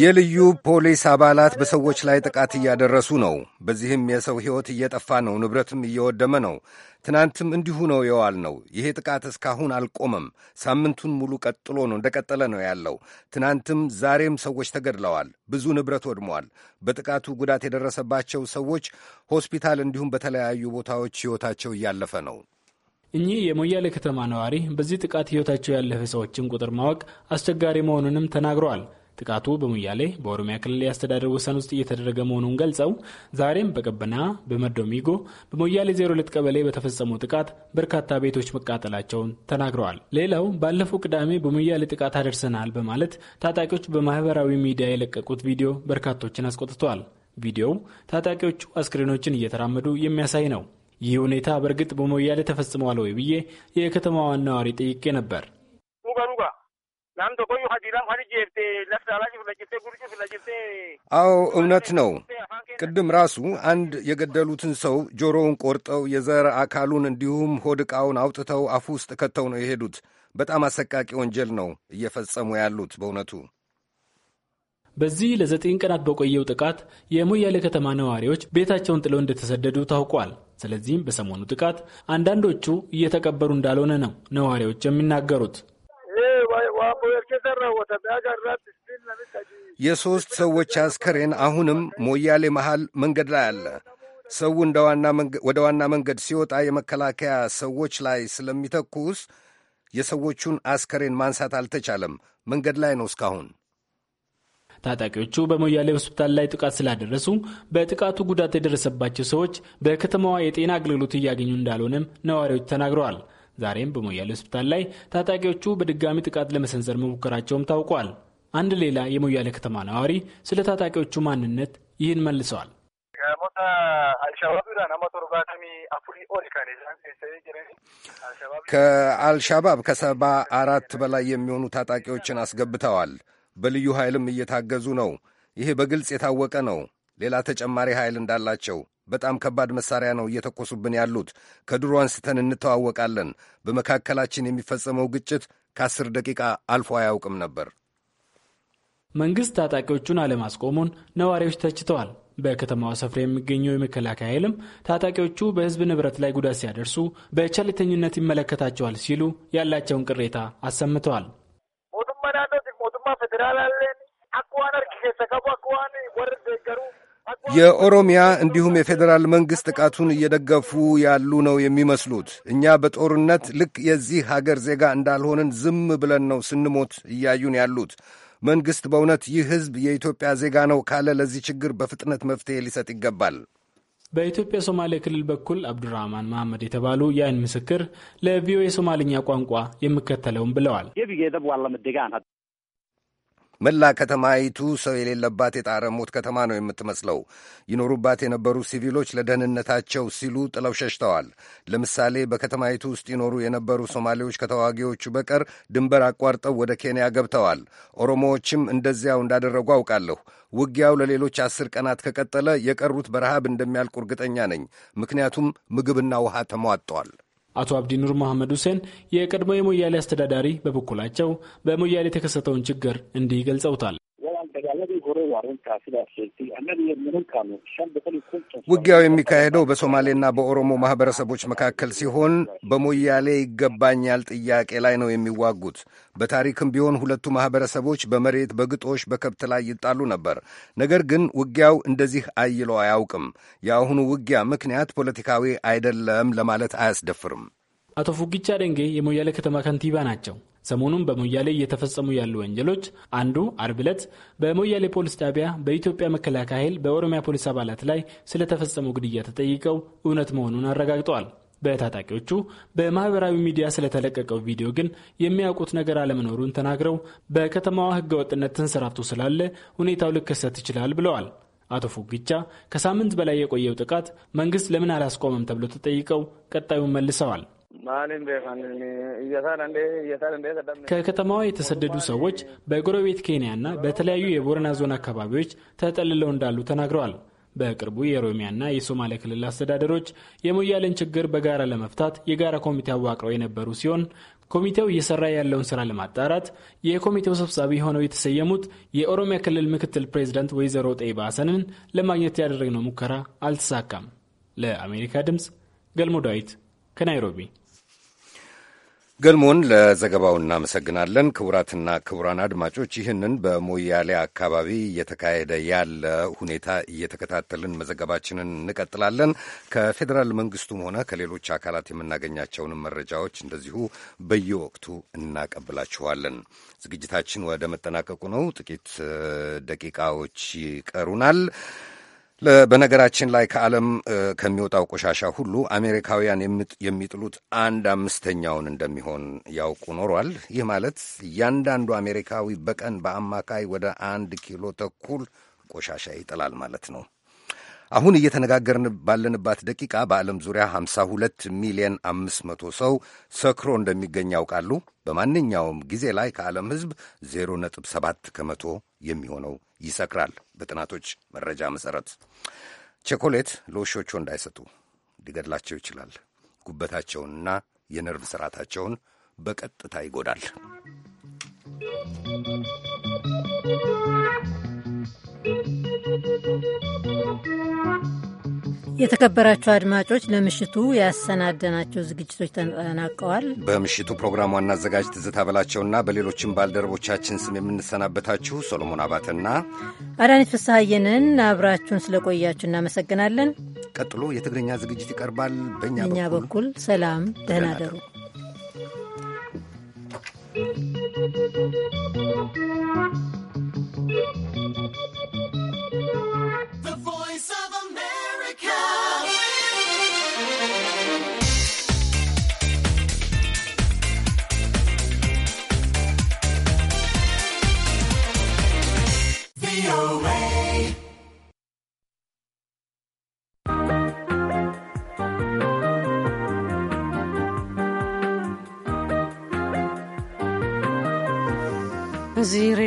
የልዩ ፖሊስ አባላት በሰዎች ላይ ጥቃት እያደረሱ ነው። በዚህም የሰው ሕይወት እየጠፋ ነው፣ ንብረትም እየወደመ ነው። ትናንትም እንዲሁ ነው የዋል ነው። ይሄ ጥቃት እስካሁን አልቆመም። ሳምንቱን ሙሉ ቀጥሎ ነው እንደቀጠለ ነው ያለው። ትናንትም ዛሬም ሰዎች ተገድለዋል፣ ብዙ ንብረት ወድመዋል። በጥቃቱ ጉዳት የደረሰባቸው ሰዎች ሆስፒታል እንዲሁም በተለያዩ ቦታዎች ሕይወታቸው እያለፈ ነው። እኚህ የሞያሌ ከተማ ነዋሪ በዚህ ጥቃት ሕይወታቸው ያለፈ ሰዎችን ቁጥር ማወቅ አስቸጋሪ መሆኑንም ተናግረዋል። ጥቃቱ በሙያሌ በኦሮሚያ ክልል የአስተዳደር ወሰን ውስጥ እየተደረገ መሆኑን ገልጸው ዛሬም በቀበና በመዶሚጎ በሞያሌ 02 ቀበሌ በተፈጸሙ ጥቃት በርካታ ቤቶች መቃጠላቸውን ተናግረዋል። ሌላው ባለፈው ቅዳሜ በሞያሌ ጥቃት አደርሰናል በማለት ታጣቂዎች በማህበራዊ ሚዲያ የለቀቁት ቪዲዮ በርካቶችን አስቆጥተዋል። ቪዲዮው ታጣቂዎቹ አስክሬኖችን እየተራመዱ የሚያሳይ ነው። ይህ ሁኔታ በእርግጥ በሞያሌ ተፈጽሟል ወይ ብዬ የከተማዋን ነዋሪ ጠይቄ ነበር። አዎ እውነት ነው። ቅድም ራሱ አንድ የገደሉትን ሰው ጆሮውን ቆርጠው የዘር አካሉን እንዲሁም ሆድ ዕቃውን አውጥተው አፉ ውስጥ ከተው ነው የሄዱት። በጣም አሰቃቂ ወንጀል ነው እየፈጸሙ ያሉት በእውነቱ። በዚህ ለዘጠኝ ቀናት በቆየው ጥቃት የሞያሌ ከተማ ነዋሪዎች ቤታቸውን ጥለው እንደተሰደዱ ታውቋል። ስለዚህም በሰሞኑ ጥቃት አንዳንዶቹ እየተቀበሩ እንዳልሆነ ነው ነዋሪዎች የሚናገሩት። የሦስት ሰዎች አስከሬን አሁንም ሞያሌ መሃል መንገድ ላይ አለ። ሰው ወደ ዋና መንገድ ሲወጣ የመከላከያ ሰዎች ላይ ስለሚተኩስ የሰዎቹን አስከሬን ማንሳት አልተቻለም። መንገድ ላይ ነው እስካሁን። ታጣቂዎቹ በሞያሌ ሆስፒታል ላይ ጥቃት ስላደረሱ በጥቃቱ ጉዳት የደረሰባቸው ሰዎች በከተማዋ የጤና አገልግሎት እያገኙ እንዳልሆነም ነዋሪዎች ተናግረዋል። ዛሬም በሞያሌ ሆስፒታል ላይ ታጣቂዎቹ በድጋሚ ጥቃት ለመሰንዘር መሞከራቸውም ታውቋል። አንድ ሌላ የሞያሌ ከተማ ነዋሪ ስለ ታጣቂዎቹ ማንነት ይህን መልሰዋል። ከአልሻባብ ከሰባ አራት በላይ የሚሆኑ ታጣቂዎችን አስገብተዋል። በልዩ ኃይልም እየታገዙ ነው። ይሄ በግልጽ የታወቀ ነው። ሌላ ተጨማሪ ኃይል እንዳላቸው በጣም ከባድ መሳሪያ ነው እየተኮሱብን ያሉት። ከድሮ አንስተን እንተዋወቃለን። በመካከላችን የሚፈጸመው ግጭት ከአስር ደቂቃ አልፎ አያውቅም ነበር። መንግሥት ታጣቂዎቹን አለማስቆሙን ነዋሪዎች ተችተዋል። በከተማዋ ሰፍራ የሚገኘው የመከላከያ ኃይልም ታጣቂዎቹ በሕዝብ ንብረት ላይ ጉዳት ሲያደርሱ በቸልተኝነት ይመለከታቸዋል ሲሉ ያላቸውን ቅሬታ አሰምተዋል። የኦሮሚያ እንዲሁም የፌዴራል መንግሥት ጥቃቱን እየደገፉ ያሉ ነው የሚመስሉት። እኛ በጦርነት ልክ የዚህ ሀገር ዜጋ እንዳልሆንን ዝም ብለን ነው ስንሞት እያዩን ያሉት። መንግሥት በእውነት ይህ ሕዝብ የኢትዮጵያ ዜጋ ነው ካለ ለዚህ ችግር በፍጥነት መፍትሄ ሊሰጥ ይገባል። በኢትዮጵያ ሶማሌ ክልል በኩል አብዱራህማን መሐመድ የተባሉ የአይን ምስክር ለቪኦኤ ሶማልኛ ቋንቋ የሚከተለውም ብለዋል። መላ ከተማይቱ ሰው የሌለባት የጣረ ሞት ከተማ ነው የምትመስለው። ይኖሩባት የነበሩ ሲቪሎች ለደህንነታቸው ሲሉ ጥለው ሸሽተዋል። ለምሳሌ በከተማይቱ ውስጥ ይኖሩ የነበሩ ሶማሌዎች ከተዋጊዎቹ በቀር ድንበር አቋርጠው ወደ ኬንያ ገብተዋል። ኦሮሞዎችም እንደዚያው እንዳደረጉ አውቃለሁ። ውጊያው ለሌሎች አስር ቀናት ከቀጠለ የቀሩት በረሃብ እንደሚያልቁ እርግጠኛ ነኝ። ምክንያቱም ምግብና ውሃ ተሟጧል። አቶ አብዲ ኑር መሐመድ ሁሴን የቀድሞ የሞያሌ አስተዳዳሪ በበኩላቸው በሞያሌ የተከሰተውን ችግር እንዲህ ገልጸውታል። ውጊያው የሚካሄደው በሶማሌና በኦሮሞ ማህበረሰቦች መካከል ሲሆን በሞያሌ ይገባኛል ጥያቄ ላይ ነው የሚዋጉት። በታሪክም ቢሆን ሁለቱ ማህበረሰቦች በመሬት በግጦሽ፣ በከብት ላይ ይጣሉ ነበር። ነገር ግን ውጊያው እንደዚህ አይሎ አያውቅም። የአሁኑ ውጊያ ምክንያት ፖለቲካዊ አይደለም ለማለት አያስደፍርም። አቶ ፉጊቻ ደንጌ የሞያሌ ከተማ ከንቲባ ናቸው። ሰሞኑን በሞያሌ እየተፈጸሙ ያሉ ወንጀሎች አንዱ አርብ ዕለት በሞያሌ ፖሊስ ጣቢያ በኢትዮጵያ መከላከያ ኃይል በኦሮሚያ ፖሊስ አባላት ላይ ስለተፈጸመው ግድያ ተጠይቀው እውነት መሆኑን አረጋግጠዋል። በታጣቂዎቹ በማህበራዊ ሚዲያ ስለተለቀቀው ቪዲዮ ግን የሚያውቁት ነገር አለመኖሩን ተናግረው በከተማዋ ህገወጥነት ተንሰራፍቶ ስላለ ሁኔታው ሊከሰት ይችላል ብለዋል። አቶ ፉግቻ ከሳምንት በላይ የቆየው ጥቃት መንግስት ለምን አላስቆመም ተብሎ ተጠይቀው ቀጣዩን መልሰዋል። ከከተማዋ የተሰደዱ ሰዎች በጎረቤት ኬንያና በተለያዩ የቦረና ዞን አካባቢዎች ተጠልለው እንዳሉ ተናግረዋል። በቅርቡ የኦሮሚያና የሶማሌ ክልል አስተዳደሮች የሞያሌን ችግር በጋራ ለመፍታት የጋራ ኮሚቴ አዋቅረው የነበሩ ሲሆን ኮሚቴው እየሰራ ያለውን ስራ ለማጣራት የኮሚቴው ሰብሳቢ ሆነው የተሰየሙት የኦሮሚያ ክልል ምክትል ፕሬዚዳንት ወይዘሮ ጠይባ ሀሰንን ለማግኘት ያደረግነው ሙከራ አልተሳካም። ለአሜሪካ ድምፅ ገልሞ ዳዊት ከናይሮቢ ገልሞን ለዘገባው እናመሰግናለን። ክቡራትና ክቡራን አድማጮች ይህንን በሞያሌ አካባቢ እየተካሄደ ያለ ሁኔታ እየተከታተልን መዘገባችንን እንቀጥላለን። ከፌዴራል መንግስቱም ሆነ ከሌሎች አካላት የምናገኛቸውንም መረጃዎች እንደዚሁ በየወቅቱ እናቀብላችኋለን። ዝግጅታችን ወደ መጠናቀቁ ነው። ጥቂት ደቂቃዎች ይቀሩናል። በነገራችን ላይ ከዓለም ከሚወጣው ቆሻሻ ሁሉ አሜሪካውያን የሚጥሉት አንድ አምስተኛውን እንደሚሆን ያውቁ ኖሯል። ይህ ማለት እያንዳንዱ አሜሪካዊ በቀን በአማካይ ወደ አንድ ኪሎ ተኩል ቆሻሻ ይጥላል ማለት ነው። አሁን እየተነጋገርን ባለንባት ደቂቃ በዓለም ዙሪያ 52 ሚሊዮን 500 ሰው ሰክሮ እንደሚገኝ ያውቃሉ። በማንኛውም ጊዜ ላይ ከዓለም ሕዝብ 0.7 ከመቶ የሚሆነው ይሰክራል። በጥናቶች መረጃ መሰረት ቸኮሌት ለውሾቹ እንዳይሰጡ ሊገድላቸው ይችላል። ጉበታቸውንና የነርቭ ስርዓታቸውን በቀጥታ ይጎዳል። የተከበራችሁ አድማጮች ለምሽቱ ያሰናደናቸው ዝግጅቶች ተጠናቀዋል። በምሽቱ ፕሮግራም ዋና አዘጋጅ ትዝታ በላቸውና በሌሎችም ባልደረቦቻችን ስም የምንሰናበታችሁ ሶሎሞን አባተና አዳነች ፍስሐየንን አብራችሁን ስለቆያችሁ እናመሰግናለን። ቀጥሎ የትግርኛ ዝግጅት ይቀርባል። በእኛ በኩል ሰላም፣ ደህና ደሩ። Kazi ready.